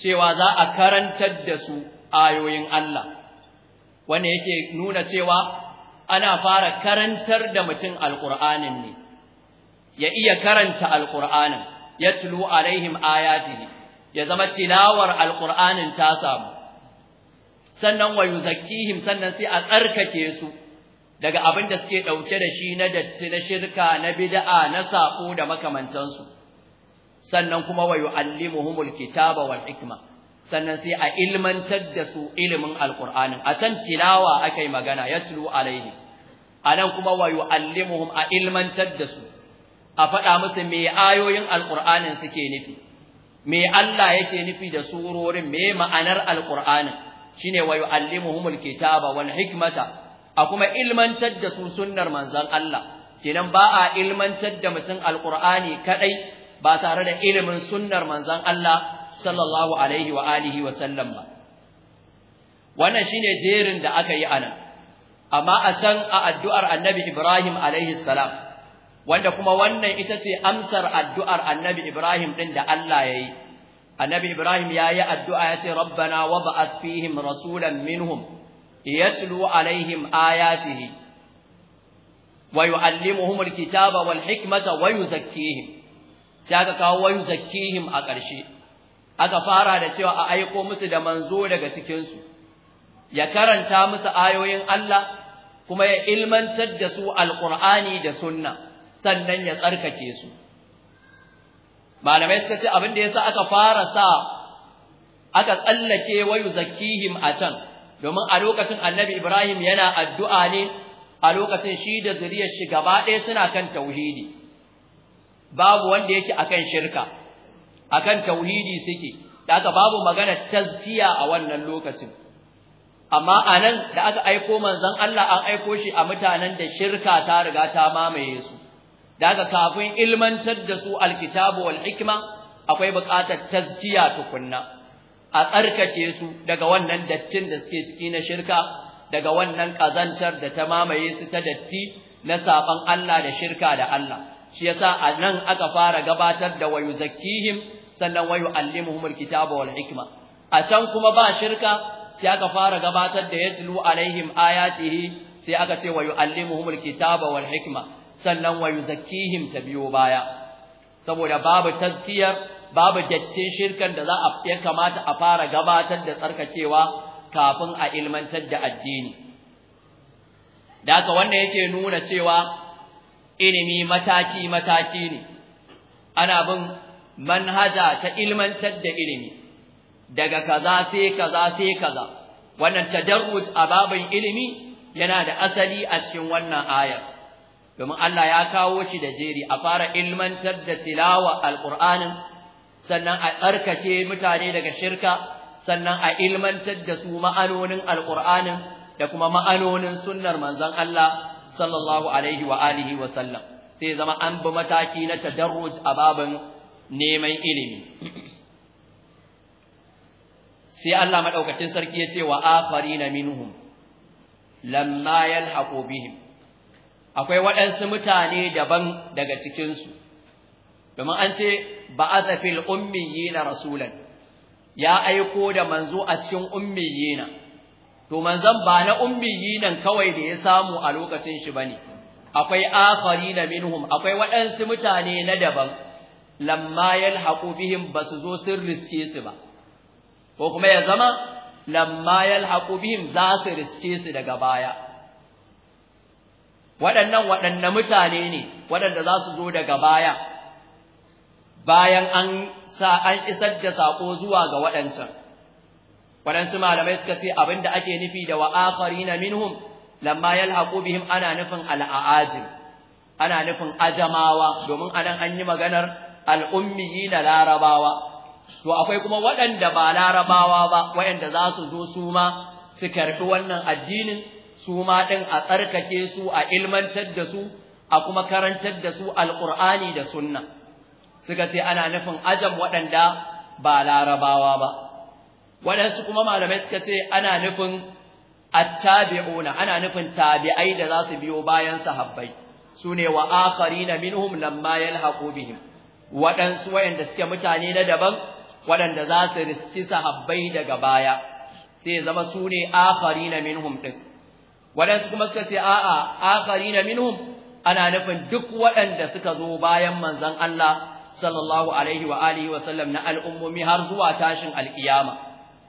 cewa za a karantar da su ayoyin Allah wanda yake nuna cewa ana fara karantar da mutum alƙur'anin ne ya iya karanta alkur'anin ya tulu alaihim ayatihi ya zama tilawar alkur'anin ta samu sannan wa yuzakkihim sannan sai a tsarkake su daga abin da suke dauke da shi na datti na shirka na bid'a na sako da makamantansu sannan kuma wa yuallimuhumul kitaba wal hikma sannan sai a ilmantar da su ilimin alqur'ani a san tilawa akai magana yatlu alaihi anan kuma wa yuallimuhum a ilmantar da su a faɗa musu me ayoyin alqur'anin suke nufi me Allah yake nufi da surorin me ma'anar alqur'anin shine wa yu'allimuhumul kitaba wal hikmata a kuma ilmantar da su sunnar manzon Allah kenan ba a ilmantar da mutum alqur'ani kadai ba tare da ilimin sunnar manzon Allah sallallahu alaihi wa alihi wa sallam ba wannan shine jerin da aka yi anan amma a can a addu'ar annabi Ibrahim alaihi salam wanda kuma wannan ita ce amsar addu'ar annabi Ibrahim din da Allah yayi annabi ibrahim yayi addu'a yace rabbana wab'ath fihim rasulan minhum yatlu alaihim ayatihi wa yu'allimuhum alkitaba wal hikmata wa yuzakkihim sai kawo wa yuzakkihim a ƙarshe aka fara da cewa a aiko musu da manzo daga cikin su ya karanta musu ayoyin Allah kuma ya ilmantar da su alqur'ani da sunna sannan ya tsarkake su malamai suka ce abin da yasa aka fara sa aka tsallake wayu zakihim a can domin a lokacin annabi Ibrahim yana addu'a ne a lokacin shi da zuriyar shi gaba ɗaya suna kan tauhidi babu wanda yake akan shirka akan tauhidi suke aka babu magana tazkiya a wannan lokacin amma a nan da aka aiko manzon Allah an aiko shi a mutanen da shirka ta riga ta mamaye su daga kafin ilmantar da su alkitabu wal hikma akwai buƙatar tazkiya tukunna a tsarkake su daga wannan dattin da suke ciki na shirka daga wannan kazantar da ta mamaye su ta datti na saban Allah da shirka da Allah shi yasa a nan aka fara gabatar da wayu zakkihim sannan wayu allimuhumul kitaba wal hikma a can kuma ba shirka sai aka fara gabatar da yatlu alaihim ayatihi sai aka ce wayu allimuhumul kitaba wal hikma sannan wa yuzakkihim ta biyo baya saboda babu tazkiyar babu dattin shirkan da za a ya kamata a fara gabatar da tsarkakewa kafin a ilmantar da addini da wannan wanda yake nuna cewa ilimi mataki mataki ne ana bin manhaja ta ilmantar da ilimi daga kaza sai kaza sai kaza wannan tadarruj a babin ilimi yana da asali a cikin wannan ayar domin Allah ya kawo shi da jeri a fara ilmantar da tilawa alqur'anin sannan a ƙarkace mutane daga shirka sannan a ilmantar da su ma'anonin alqur'anin da kuma ma'anonin sunnar manzon Allah sallallahu alaihi wa alihi wa sallam sai zama an bi mataki na tadarruj a babin neman ilimi sai Allah maɗaukacin sarki ya ce wa akharina minhum lamma yalhaqu bihim akwai waɗansu mutane daban daga cikinsu domin an ce ba yi na rasulan ya aiko da manzo a cikin na, to manzon ba na ummiyinan kawai da ya samu a lokacin shi bane akwai na minhum akwai waɗansu mutane na daban lamma yalhaqu ba basu zo sun riske su ba ko kuma ya zama lamma yalhaqu za su riske su daga baya waɗannan waɗanne mutane ne waɗanda za su zo daga baya bayan an sa an isar da sako zuwa ga waɗancan waɗansu malamai suka ce abinda ake nufi da wa'afari na minhum lamma yalhaqu bihim ana nufin al'ajim ana nufin ajamawa domin anan an yi maganar al'ummiyi na larabawa to akwai kuma waɗanda ba larabawa ba waɗanda za su zo su ma su karɓi wannan addinin su ma ɗin a tsarkake su a ilmantar da su a kuma karantar da su alƙur'ani da sunna suka ce ana nufin ajam waɗanda ba larabawa ba waɗansu kuma malamai suka ce ana nufin attabi'una ana nufin tabi'ai da za su biyo bayan sahabbai su ne wa na minhum lamma yalhaqu bihim waɗansu wayanda suke mutane na daban waɗanda za su riski sahabbai daga baya sai zama su ne na minhum ɗin waɗansu kuma suka ce a'a na minhum ana nufin duk waɗanda suka zo bayan manzon Allah sallallahu alaihi wa alihi wa sallam na al'ummomi har zuwa tashin alkiyama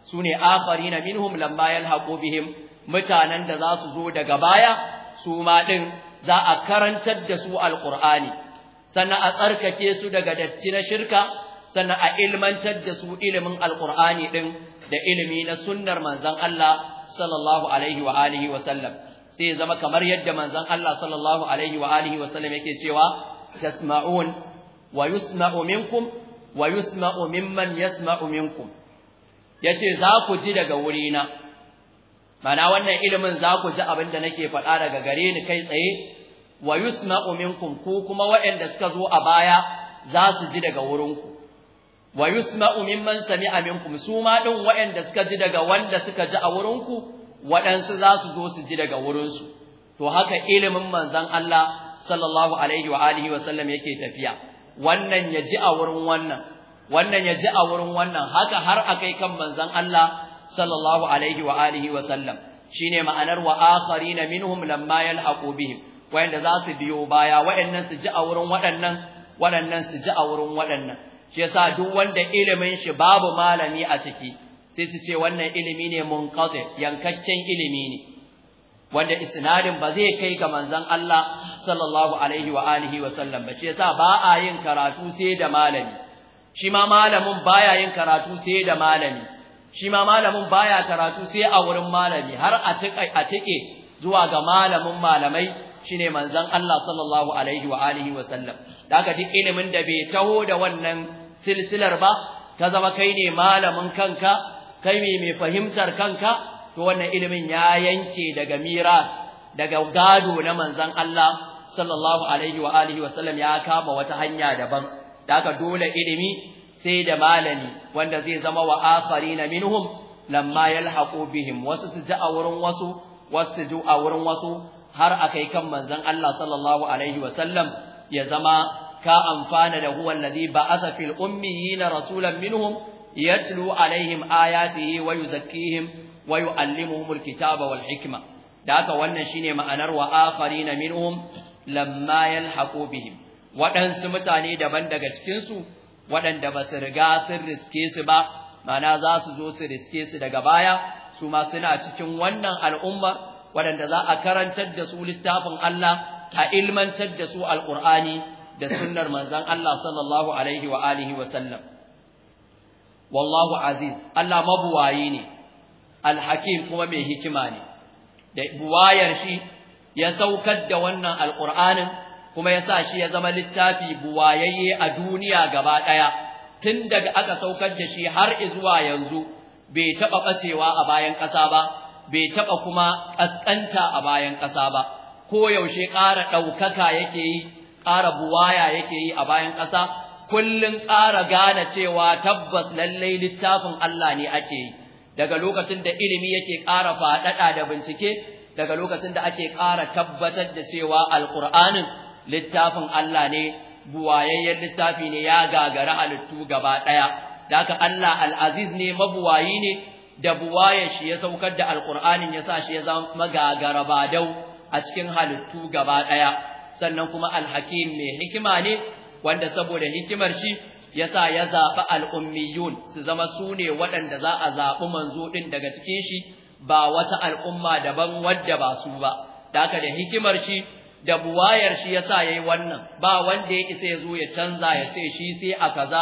sune na minhum lamma yalhaqu bihim mutanen da za su zo daga baya su ma din za a karantar da su alqur'ani sannan a tsarkake su daga datti na shirka sannan a ilmantar da su ilimin alqur'ani din da ilimi na sunnar manzon Allah sallallahu alaihi wa alihi wa sallam sai zama kamar yadda manzon Allah sallallahu alaihi wa alihi wa sallam yake cewa tasma'un wa yusma'u minkum wa yusma'u mimman yasma'u minkum yace za ku ji daga wurina mana wannan ilimin za ku ji abin da nake faɗa daga gare ni kai tsaye wa yusma'u minkum ku kuma wa'anda suka zo a baya za su ji daga wurinku wa yusma'u mimman sami'a minkum su din waɗanda suka ji daga wanda suka ji a wurinku waɗansu za su zo su ji daga wurinsu to haka ilimin manzon Allah sallallahu alaihi wa alihi wa sallam yake tafiya wannan ya ji a wurin wannan wannan ya ji a wurin wannan haka har akai kan manzon Allah sallallahu alaihi wa alihi wa sallam shine ma'anar wa akharina minhum lamma yalhaqu bihim wa'anda za su biyo baya wa'annan su ji a wurin wadannan waɗannan su ji a wurin waɗannan shi yasa duk wanda ilimin shi babu malami a ciki sai su ce wannan ilimi ne munqati yankaccen ilimi ne wanda isnadin ba zai kai ga manzon Allah sallallahu alaihi wa alihi wa sallam ba shi yasa ba a yin karatu sai da malami shi ma malamin baya yin karatu sai da malami shi ma malamin baya karatu sai a wurin malami har a tike a tike zuwa ga malamin malamai shine manzon Allah sallallahu alaihi wa alihi wa sallam daga duk ilimin da bai taho da wannan silsilar ba ta zama kai ne malamin kanka kai ne mai fahimtar kanka to wannan ilimin ya yanke daga mira daga gado na manzon Allah sallallahu alaihi wa alihi wa sallam ya kama wata hanya daban da dole ilimi sai da malami wanda zai zama wa akharina minhum lamma yalhaqu bihim wasu su ji a wurin wasu wasu su ji a wurin wasu har akai kan manzon Allah sallallahu alaihi wa sallam ya zama ka amfana da huwa allazi ba'atha fil ummiyina rasulan minhum yatlu alaihim ayatihi wa yuzakkihim wa yuallimuhumul kitaba wal hikma da haka wannan shine ma'anar wa na minhum lamma yalhaqu bihim waɗansu mutane daban daga cikinsu waɗanda ba su riga sun riske su ba ma'ana za su zo su riske su daga baya su ma suna cikin wannan al'ummar waɗanda za a karantar da su littafin Allah a ilmantar da su alqur'ani da sunnar manzon Allah sallallahu alaihi wa alihi wa sallam wallahu aziz Allah mabuwayi ne alhakim kuma mai hikima ne da buwayar shi ya saukar da wannan alqur'anin kuma ya sa shi ya zama littafi buwayayye a duniya gaba daya tun daga aka saukar da shi har zuwa yanzu bai taba bacewa a bayan ƙasa ba bai taba kuma kaskanta a bayan ƙasa ba ko yaushe ƙara ɗaukaka yake yi ƙara buwaya yake yi a bayan ƙasa kullum ƙara gane cewa tabbas lallai littafin Allah ne ake yi daga lokacin da ilimi yake ƙara faɗaɗa da bincike daga lokacin da ake ƙara tabbatar da cewa alƙur'anin littafin Allah ne buwayayyen littafi ne ya gagara halittu gaba ɗaya daga Allah al'aziz ne mabuwayi ne da buwaya shi ya saukar da alƙur'anin ya sa shi ya zama ba dau a cikin halittu gaba ɗaya sannan kuma alhakim mai hikima ne wanda saboda hikimar shi yasa ya zaɓi al'ummiyun su zama su ne waɗanda za a zaɓi manzo ɗin daga cikin shi ba wata al'umma daban wadda ba su ba, da da hikimar shi da buwayar shi yasa ya yi wannan ba wanda ya isa ya zo ya canza ya ce shi sai a kaza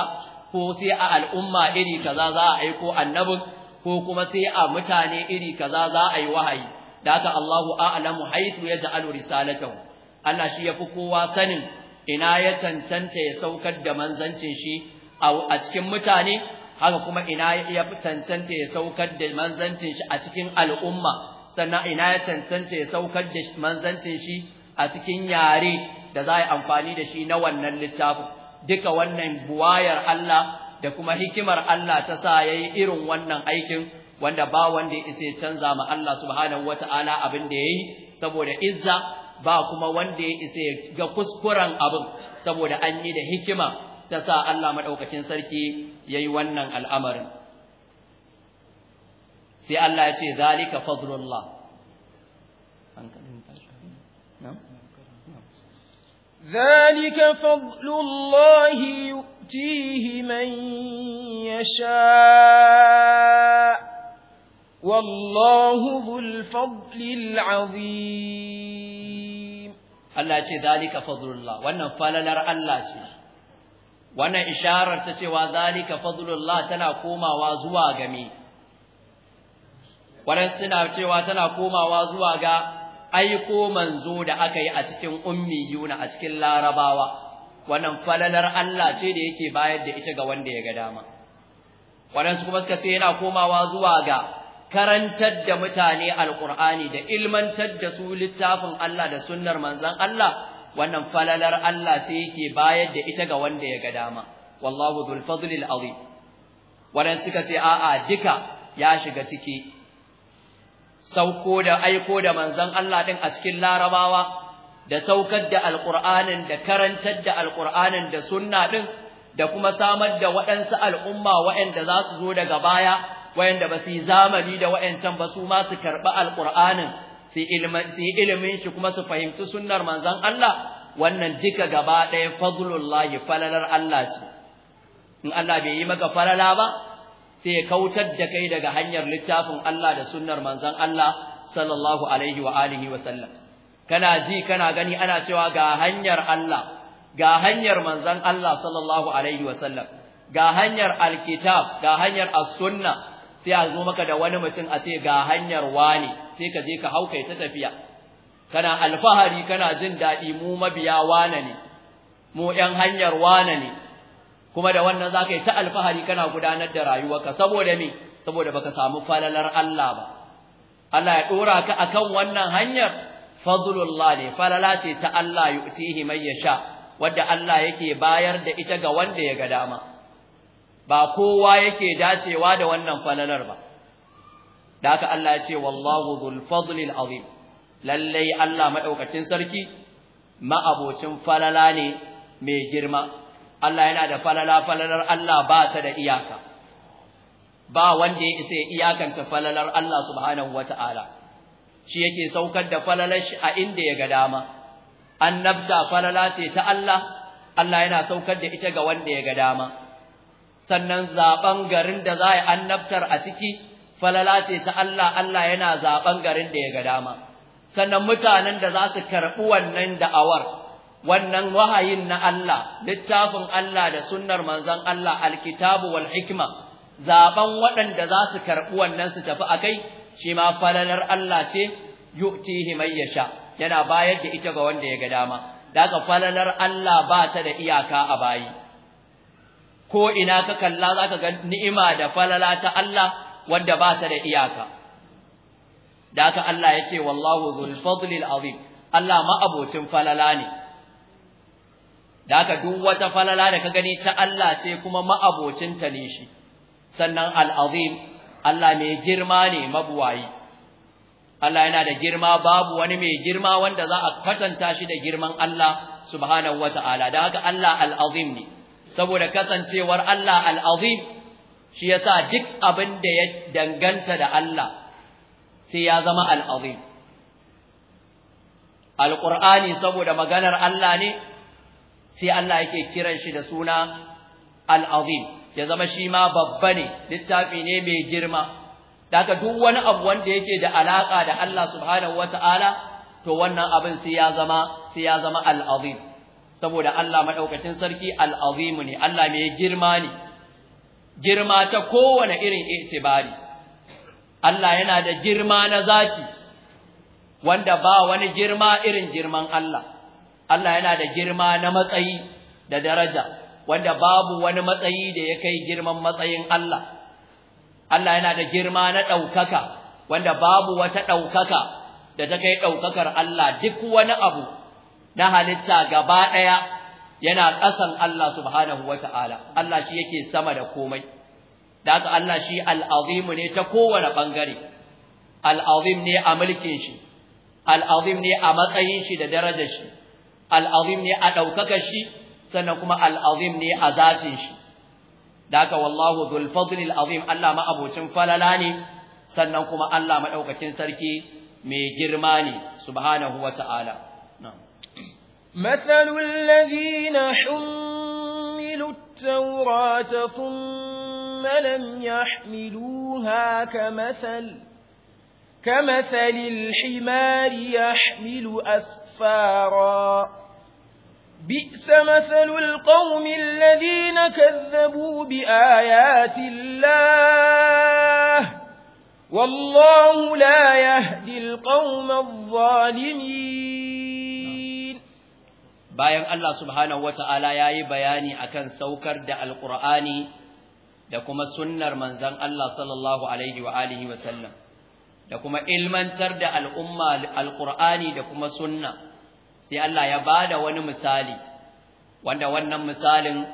ko sai a al'umma iri kaza za a aiko annabin ko kuma sai a mutane iri kaza za a yi wahayi, da haka Allahu a'lamu haythu ya risalatahu Allah shi ya fi kowa sanin ina ya cancanta ya saukar da manzancin shi a cikin mutane haka kuma ina ya cancanta ya saukar da manzancin shi a cikin al'umma sannan ina ya cancanta ya saukar da manzancin shi a cikin yare da za a yi amfani da shi na wannan littafin duka wannan buwayar Allah da kuma hikimar Allah ta sa ya yi irin wannan aikin wanda ba wanda ya isa ya canza ma Allah subhanahu wata'ala abin da ya yi saboda izza ba kuma wanda ya isa ya ga kuskuren abin saboda an yi da hikima ta sa Allah madaukakin sarki yayi wannan al'amarin sai Allah ya ce zalika fadlullah ذلك فضل الله يؤتيه من يشاء والله ذو الفضل العظيم Allah ce zalika fadlullah wannan falalar Allah ce wannan isharar ta cewa zalika fadlullah tana komawa zuwa ga me wannan suna cewa tana komawa zuwa ga aiko manzo da aka yi a cikin Yuna a cikin larabawa wannan falalar Allah ce da yake bayar da ita ga wanda ya ga dama su kuma suka ce yana komawa zuwa ga karantar da mutane alkur'ani da ilmantar da su littafin Allah da sunnar manzon Allah wannan falalar Allah sai yake bayar da ita ga wanda ya ga dama wallahu dhul fadlil azim wannan suka ce a'a duka ya shiga ciki sauko da aiko da manzon Allah din a cikin larabawa da saukar da alkur'anin da karantar da alkur'anin da sunna din da kuma samar da waɗansu al'umma waɗanda za su zo daga baya wayanda ba su yi zamani da wayancan ba su ma su karɓi alƙur'anin su yi ilimin shi kuma su fahimci sunnar manzan Allah wannan duka gaba ɗaya fadlullahi falalar Allah ce in Allah bai yi maka falala ba sai ya kautar da kai daga hanyar littafin Allah da sunnar manzan Allah sallallahu alaihi wa alihi wa sallam kana ji kana gani ana cewa ga hanyar Allah ga hanyar manzon Allah sallallahu alaihi wa sallam ga hanyar alkitab ga hanyar as-sunna sai a zo maka da wani mutum a ce ga hanyar wani sai ka je ka hau kai ta tafiya kana alfahari kana jin daɗi mu mabiya wane ne mu ‘yan hanyar wane ne kuma da wannan za ka yi ta alfahari kana gudanar da rayuwarka saboda me saboda baka samu falalar Allah ba Allah ya ɗora ka akan wannan hanyar fadlullah ne falala ce ta Allah yu'tihi man yasha wadda Allah yake bayar da ita ga wanda ya ga dama ba kowa yake dacewa da wannan falalar ba da haka Allah ya ce wallahu dhul fadlil azim lallai Allah madaukakin sarki ma'abocin falala ne mai girma Allah yana da falala falalar Allah ba ta da iyaka ba wanda ya isa iyakanta falalar Allah subhanahu wata'ala shi yake saukar da falalar shi a inda ya ga dama annabta falala ce ta Allah Allah yana saukar da ita ga wanda ya ga dama sannan zaben garin da za a yi annabtar a ciki falala ce ta Allah Allah yana zaben garin da ya ga dama sannan mutanen da za su karɓi wannan da'awar wannan wahayin na Allah littafin Allah da sunnar manzon Allah alkitabu wal hikma zaɓen waɗanda za su karɓi wannan su tafi akai shi ma falalar Allah ce yu'tihi man yasha yana bayar da ita ga wanda ya ga dama daga falalar Allah ba ta da iyaka a bayi ko ina ka kalla za ka ga ni'ima da falala ta Allah wanda ba ta da iyaka da haka Allah ya ce wallahu dhul fadlil azim Allah ma'abocin falala ne da haka duk wata falala da ka gani ta Allah ce kuma ma'abocin ta ne shi sannan al Allah mai girma ne mabuwayi Allah yana da girma babu wani mai girma wanda za a kwatanta shi da girman Allah subhanahu da haka Allah al'azim ne saboda kasancewar Allah al'azim shi yasa duk abin da ya danganta da Allah sai ya zama al'azim alqur'ani saboda maganar Allah ne sai Allah yake kiran shi da suna al'azim ya zama shi ma babba ne littafi ne mai girma daga duk wani abu wanda yake da alaƙa da Allah subhanahu wata'ala to wannan abin sai ya zama sai ya zama al'azim saboda Allah madaukakin sarki al-azim ne Allah mai girma ne girma ta kowane irin itibari Allah yana da girma na zaki, wanda ba wani girma irin girman Allah Allah yana da girma na matsayi da daraja wanda babu wani matsayi da ya kai girman matsayin Allah Allah yana da girma na ɗaukaka wanda babu wata ɗaukaka da ta kai ɗaukakar Allah duk wani abu na halitta gaba ɗaya yana ƙasan Allah subhanahu wata'ala Allah shi yake sama da komai da haka Allah shi al'azim ne ta kowane ɓangare al'azim ne a mulkin shi al'azim ne a matsayin shi da darajar shi al'azim ne a ɗaukakar shi sannan kuma al'azim ne a zatin shi da haka wallahu dhul fadlil azim Allah ma abocin falala ne sannan kuma Allah madaukakin sarki mai girma ne subhanahu wata'ala مثل الذين حملوا التوراة ثم لم يحملوها كمثل كمثل الحمار يحمل أسفارا بئس مثل القوم الذين كذبوا بآيات الله والله لا يهدي القوم الظالمين bayan Allah subhanahu wata'ala yi bayani akan saukar da alqur'ani da kuma sunnar manzan Allah sallallahu alaihi wa alihi wa sallam da kuma ilmantar da al'umma alqur'ani da kuma sunna sai Allah ya ba da wani misali wanda wannan misalin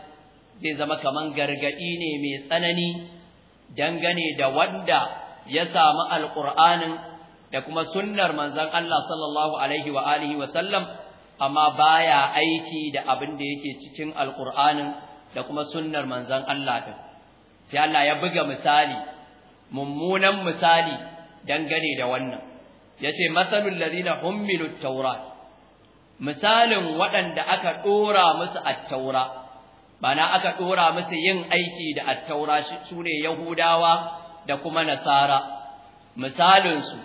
zai zama kaman gargadi ne mai tsanani dangane da wanda ya samu alqur'anin da kuma sunnar manzan Allah sallallahu alaihi wa alihi wa sallam amma baya aiki da abin da yake cikin alkur'anin da kuma sunnar manzon Allah din sai Allah ya buga misali mummunan misali dangane da wannan yace masalul ladina hummilut tawrat misalin waɗanda aka ɗora musu at-taura bana aka ɗora musu yin aiki da at-taura sune yahudawa da kuma nasara misalin su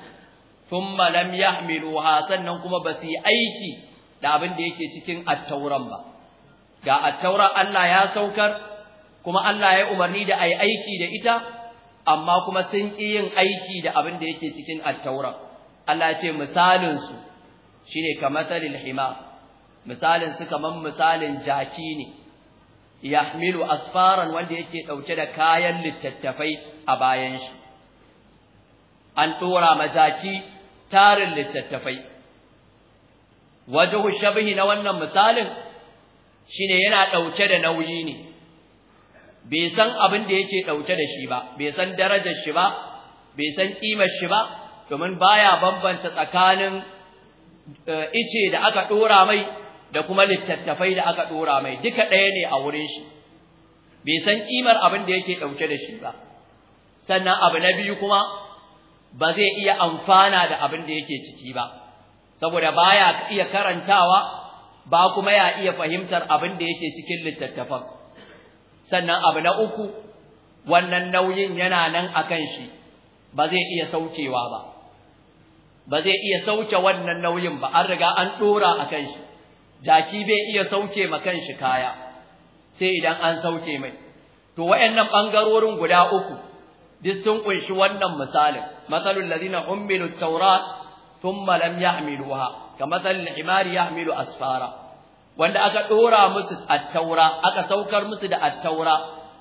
thumma lam yahmiluha sannan kuma basu yi aiki da abin da yake cikin attauran ba ga attaura Allah ya saukar kuma Allah ya umarni da ai aiki da ita amma kuma sun ƙi yin aiki da abin da yake cikin attauran Allah ya ce misalin su shine kamathalil hima misalin su kaman misalin jaki ne yahmilu asfaran wanda yake dauke da kayan littattafai a bayan shi an tura majaki tarin littattafai wajahu shabihi na wannan misalin shine yana dauke da nauyi ne bai san abin da yake dauke da shi ba bai san darajar shi ba bai san kimar shi ba domin baya bambanta tsakanin eh, ice da aka dora mai da kuma littattafai da aka dora mai duka ɗaya ne a wurin shi bai san kimar abin da yake dauke da shi ba sannan abu na biyu kuma ba zai iya amfana da abin da yake ciki ba saboda baya iya karantawa ba kuma ya iya fahimtar abin da yake cikin littattafan sannan abu na uku wannan nauyin yana nan akan shi ba zai iya saucewa ba ba zai iya sauce wannan nauyin ba an riga an dora akan shi jaki bai iya sauce ma kanshi kaya sai idan an sauce mai to wayannan bangarorin guda uku duk sun kunshi wannan misalin masalul ladina ummilut tawrat thumma lam ya'miluha kamathal al-himar ya'milu asfara wanda aka dora musu attaura, aka saukar musu da attaura,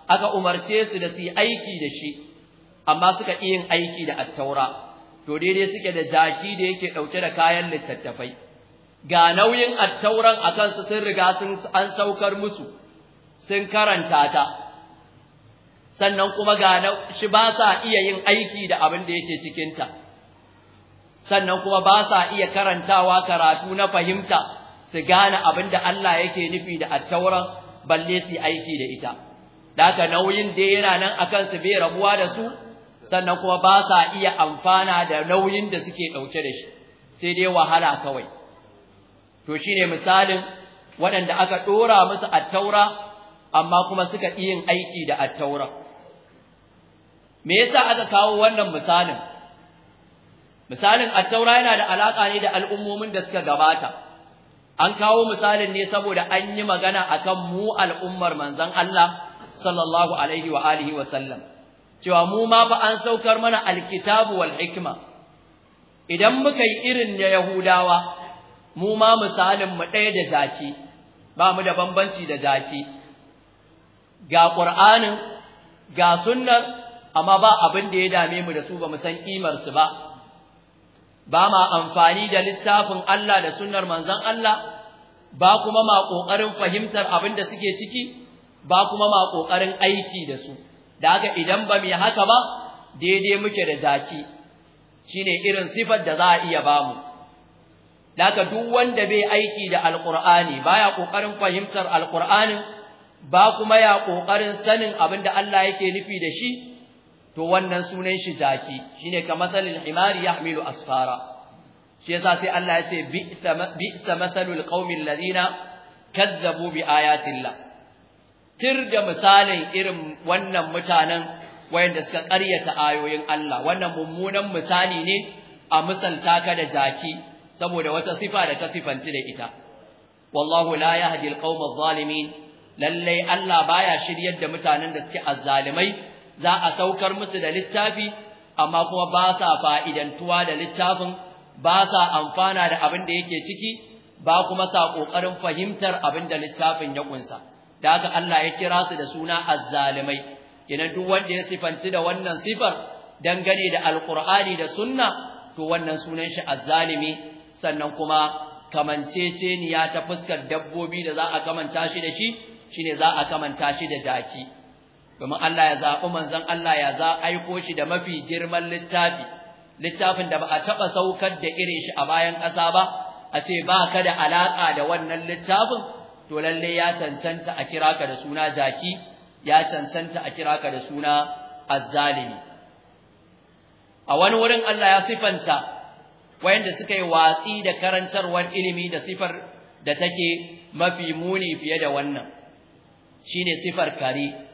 aka umarce su da su yi aiki da shi amma suka yin aiki da attaura, taura to daidai suke da jaki da yake ɗauke da kayan littattafai ga nauyin attauran a kansu sun riga sun an saukar musu sun karanta ta sannan kuma ga shi ba sa iya yin aiki da abin da yake cikinta sannan kuma ba sa iya karantawa karatu na fahimta su gane abin da Allah yake nufi da attauran balle su aiki da ita daga nauyin da yana nan akan su bai rabuwa da su sannan kuma ba sa iya amfana da nauyin da suke ɗauke da shi sai dai wahala kawai to shine misalin waɗanda aka ɗora musu attaura amma kuma suka yin aiki da attaura me yasa aka kawo wannan misalin misalin attaura taura yana da alaka ne da al'ummomin da suka gabata an kawo misalin ne saboda an yi magana akan mu al'ummar manzon Allah sallallahu alaihi wa alihi wa sallam cewa mu ma ba an saukar mana alkitabu wal hikma idan muka yi irin na yahudawa mu ma misalin mu ɗaya da zaki ba mu da bambanci da zaki ga qur'anin ga sunnar amma ba abin da ya dame mu da su ba mu san kimar su ba ba ma amfani da littafin Allah da sunnar manzan Allah ba kuma ma kokarin fahimtar abin da suke ciki ba kuma ma ƙoƙarin aiki da su da haka idan ba mu haka ba daidai muke da zaki shine irin sifar da za a iya bamu haka duk wanda bai aiki da alqur'ani ya kokarin fahimtar alqur'anin ba kuma ya kokarin sanin abin da Allah yake nufi da shi to wannan sunan shi jaki shine kamathalil himari yahmilu asfara shi yasa sai Allah ya ce bi'sa masalul qaumil ladina kazzabu bi ayatillah tir da misalin irin wannan mutanen wayanda suka ƙaryata ayoyin Allah wannan mummunan misali ne a misalta ka da jaki saboda wata sifa da ta sifanci da ita wallahu la yahdi alqawma adh-dhalimin lalle Allah baya shiryar da mutanen da suke azzalimai za a saukar musu da littafi amma kuma ba sa fa'idantuwa da littafin ba sa amfana da abin da yake ciki ba kuma sa ƙoƙarin fahimtar abin da littafin ya ƙunsa da haka Allah ya kira su da suna azzalimai idan duk wanda ya sifanci da wannan sifar dangane da alƙur'ani da sunna to wannan sunan shi azzalimi sannan kuma kamanceceniya ta fuskar dabbobi da za a kamanta shi da shi shine za a kamanta shi da daki domin Allah ya zaɓi manzon Allah ya za aiko shi da mafi girman littafi littafin da ba a taɓa saukar da irin shi a bayan ƙasa ba a ce ba ka da alaƙa da wannan littafin to lallai ya cancanta a kira ka da suna zaki ya cancanta a kira ka da suna azzalimi a wani wurin Allah ya sifanta wayanda suka yi watsi da karantarwar ilimi da sifar da take mafi muni fiye da wannan shine sifar kare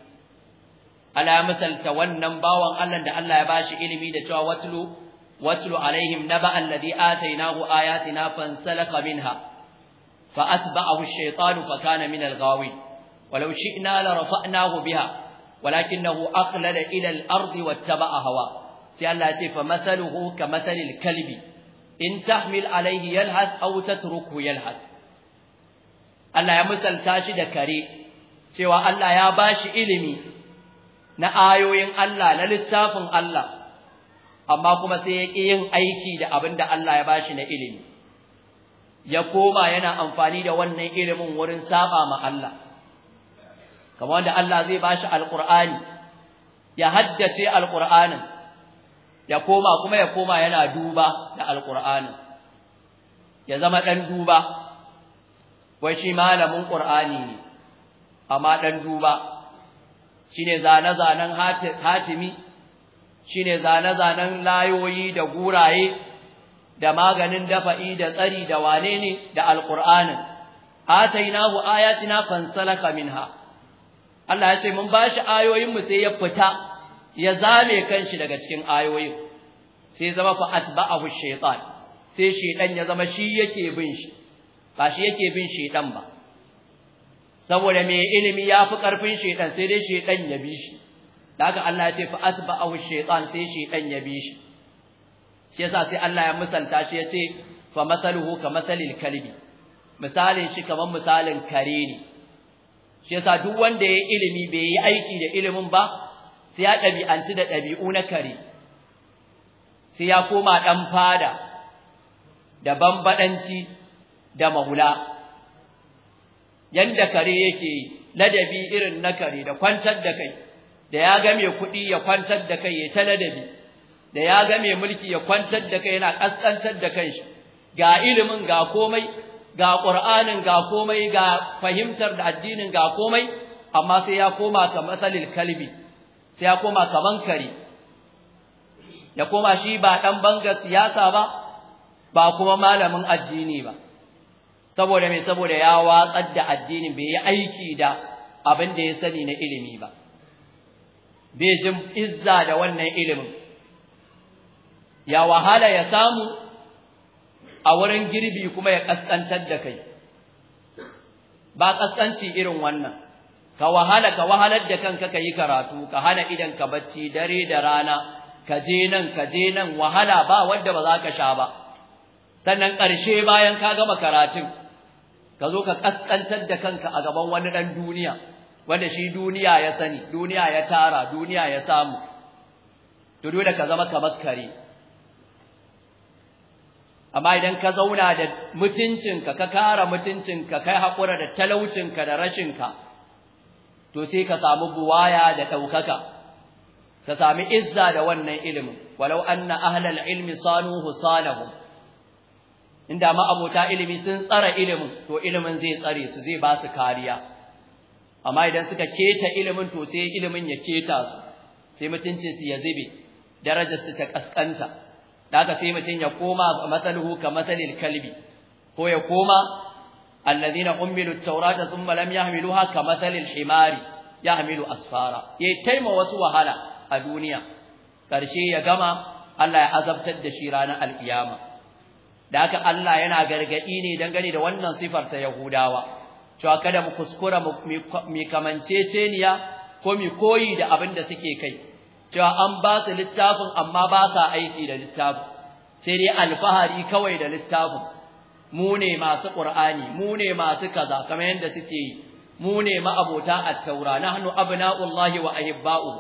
ya ta wannan bawan Allah da Allah ya ba shi ilimi da cewa watlu watlu alaihim naba alladhi atainahu ayatina fansalaka minha fa atba'ahu ash-shaytanu fa kana min al-ghawi walau shi'na la rafa'nahu biha walakinahu aqlala ila al-ardi wattaba'a hawa sai Allah ya ce fa mathaluhu kamathalil kalbi in tahmil alayhi yalhath aw tatruku yalhath Allah ya misalta shi da kare cewa Allah ya bashi ilimi na ayoyin Allah na littafin Allah amma kuma sai ya yin aiki da abin da Allah ya bashi na ilimi ya koma yana amfani da wannan ilimin wurin saba ma Allah kamar wanda Allah zai bashi alqur'ani ya haddace alqur'anin ya koma kuma ya koma yana duba da alqur'anin ya zama dan duba wai shi malamin qur'ani ne amma dan duba shine zane-zanen hatimi shine zane-zanen layoyi da guraye da maganin dafa'i da tsari da wane ne da alqur'anin atainahu ayatina fansalaka minha Allah ya ce mun bashi ayoyin mu sai ya fita ya zame kanshi daga cikin ayoyin sai zama fa atba'ahu shaytan sai shedan ya zama shi yake bin shi ba shi yake bin shedan ba saboda mai ilimi ya fi ƙarfin shaiɗan sai dai shaidan ya bi shi da haka Allah ya ce fa asba'ahu shaitan sai shaidan ya bi shi shi yasa sai Allah ya misalta shi ya ce fa masaluhu ka masalil kalbi misalin shi kamar misalin kare ne shi yasa duk wanda ya yi ilimi bai yi aiki da ilimin ba sai ya ɗabi'anci da ɗabi'u na kare sai ya koma ɗan fada da bambaɗanci da maula. yanda kare yake ladabi irin na kare da kwantar da kai da ya ga mai kuɗi ya kwantar da kai ya ta ladabi da ya ga mai mulki ya kwantar da kai yana kaskantar da kanshi ga ilimin ga komai ga qur'anin ga komai ga fahimtar da addinin ga komai amma sai ya koma ka masalil kalbi sai ya koma kaman kare ya koma shi ba ɗan banga siyasa ba ba kuma malamin addini ba saboda mai saboda ya watsar da addinin bai yi aiki da abin da ya sani na ilimi ba bai jin izza da wannan ilimin ya wahala ya samu a wurin girbi kuma ya kaskantar da kai ba kaskanci irin wannan ka wahala ka wahalar da kanka ka yi karatu ka hana idan ka bacci dare da rana ka je nan ka je nan wahala ba wadda ba za ka sha ba sannan ƙarshe bayan ka gama karatun ka zo ka kaskantar da kanka a gaban wani ɗan duniya wanda shi duniya ya sani duniya ya tara duniya ya samu to dole ka zama kamar kare amma idan ka zauna da mutuncinka ka kara mutuncinka kai haƙura da talaucinka da rashinka to sai ka samu buwaya da ɗaukaka ka sami izza da wannan ilimin walau anna ahlal ilmi sanuhu sanahum inda ma abota ilimi sun tsara ilimin to ilimin zai tsare su zai ba su kariya amma idan suka keta ilimin to sai ilimin ya keta su sai mutuncin su ya zube darajar su ta kaskanta daga sai mutun ya koma masaluhu ka kalbi ko ya koma alladhina ummilu at-taurata thumma lam yahmiluha ka himari yahmilu asfara yayi taima wasu wahala a duniya karshe ya gama Allah ya azabtar da shi ranar alkiyama da haka Allah yana gargadi ne dangane da wannan sifar ta Yahudawa cewa kada mu kuskura mu kamanceceniya ko mu koyi da abin da suke kai cewa an ba su littafin amma ba sa aiki da littafin sai dai alfahari kawai da littafin mu ne masu qur'ani mu ne masu kaza kamar yadda suke yi mu ne ma'abota at-taura nahnu abna'ullahi wa ahibba'u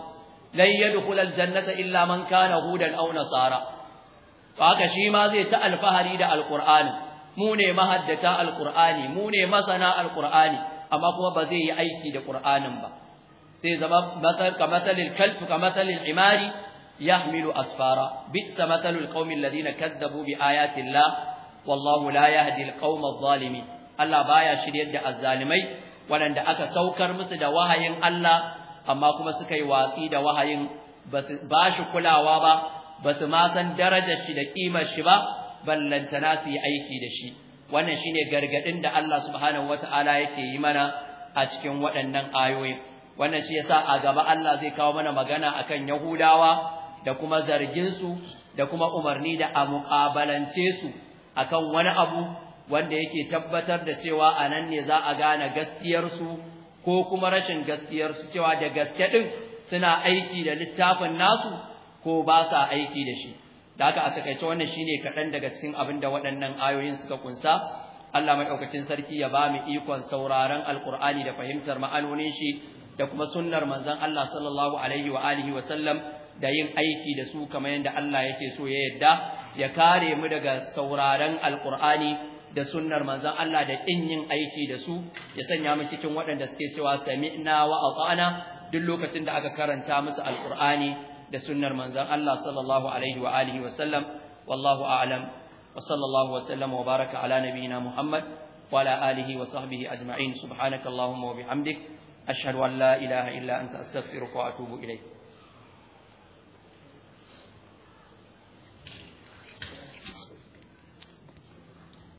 lan yadkhulal jannata illa man kana hudan aw nasara to haka shi ma zai ta alfahari da Alƙur'ani. mu ne mahaddata Alƙur'ani. mu ne masana Alƙur'ani. amma kuma ba zai yi aiki da ƙur'anin ba sai zama ka masalil kalb ka masalil imari yahmilu asfara bi'sa masalul ƙaumin ladina kadda bi ayati llah wallahu la zalimin Allah baya shiryar da azzalimai waɗanda aka saukar musu da wahayin Allah amma kuma suka yi watsi da wahayin ba shi kulawa ba ba su ma san darajar shi da kimar shi ba lantana su yi aiki da shi wannan shine gargadin da Allah subhanahu wataala yake yi mana a cikin waɗannan ayoyin wannan shi yasa a gaba Allah zai kawo mana magana akan Yahudawa da kuma zargin su da kuma umarni da a muƙabalance su akan wani abu wanda yake tabbatar da cewa anan ne za a gane gaskiyar su ko kuma rashin gaskiyar su cewa da gaske din suna aiki da littafin nasu ko ba sa aiki da shi da haka a takaice wannan shine kaɗan daga cikin abin da waɗannan ayoyin suka kunsa Allah maɗaukacin sarki ya ba mu ikon sauraron alƙur'ani da fahimtar ma'anonin shi da kuma sunnar manzon Allah sallallahu alaihi wa alihi wa sallam da yin aiki da su kamar yadda Allah yake so ya yadda ya kare mu daga sauraron alƙur'ani da sunnar manzon Allah da ƙin yin aiki da su ya sanya mu cikin waɗanda suke cewa sami'na wa ata'na duk lokacin da aka karanta musu alƙur'ani da sunnar manzon Allah sallallahu alaihi wa alihi wa sallam wallahu a'lam wa sallallahu wa sallama wa baraka ala nabiyyina Muhammad wa ala alihi wa sahbihi ajma'in subhanakallahumma wa bihamdik ashhadu an la ilaha illa anta astaghfiruka wa atubu ilayk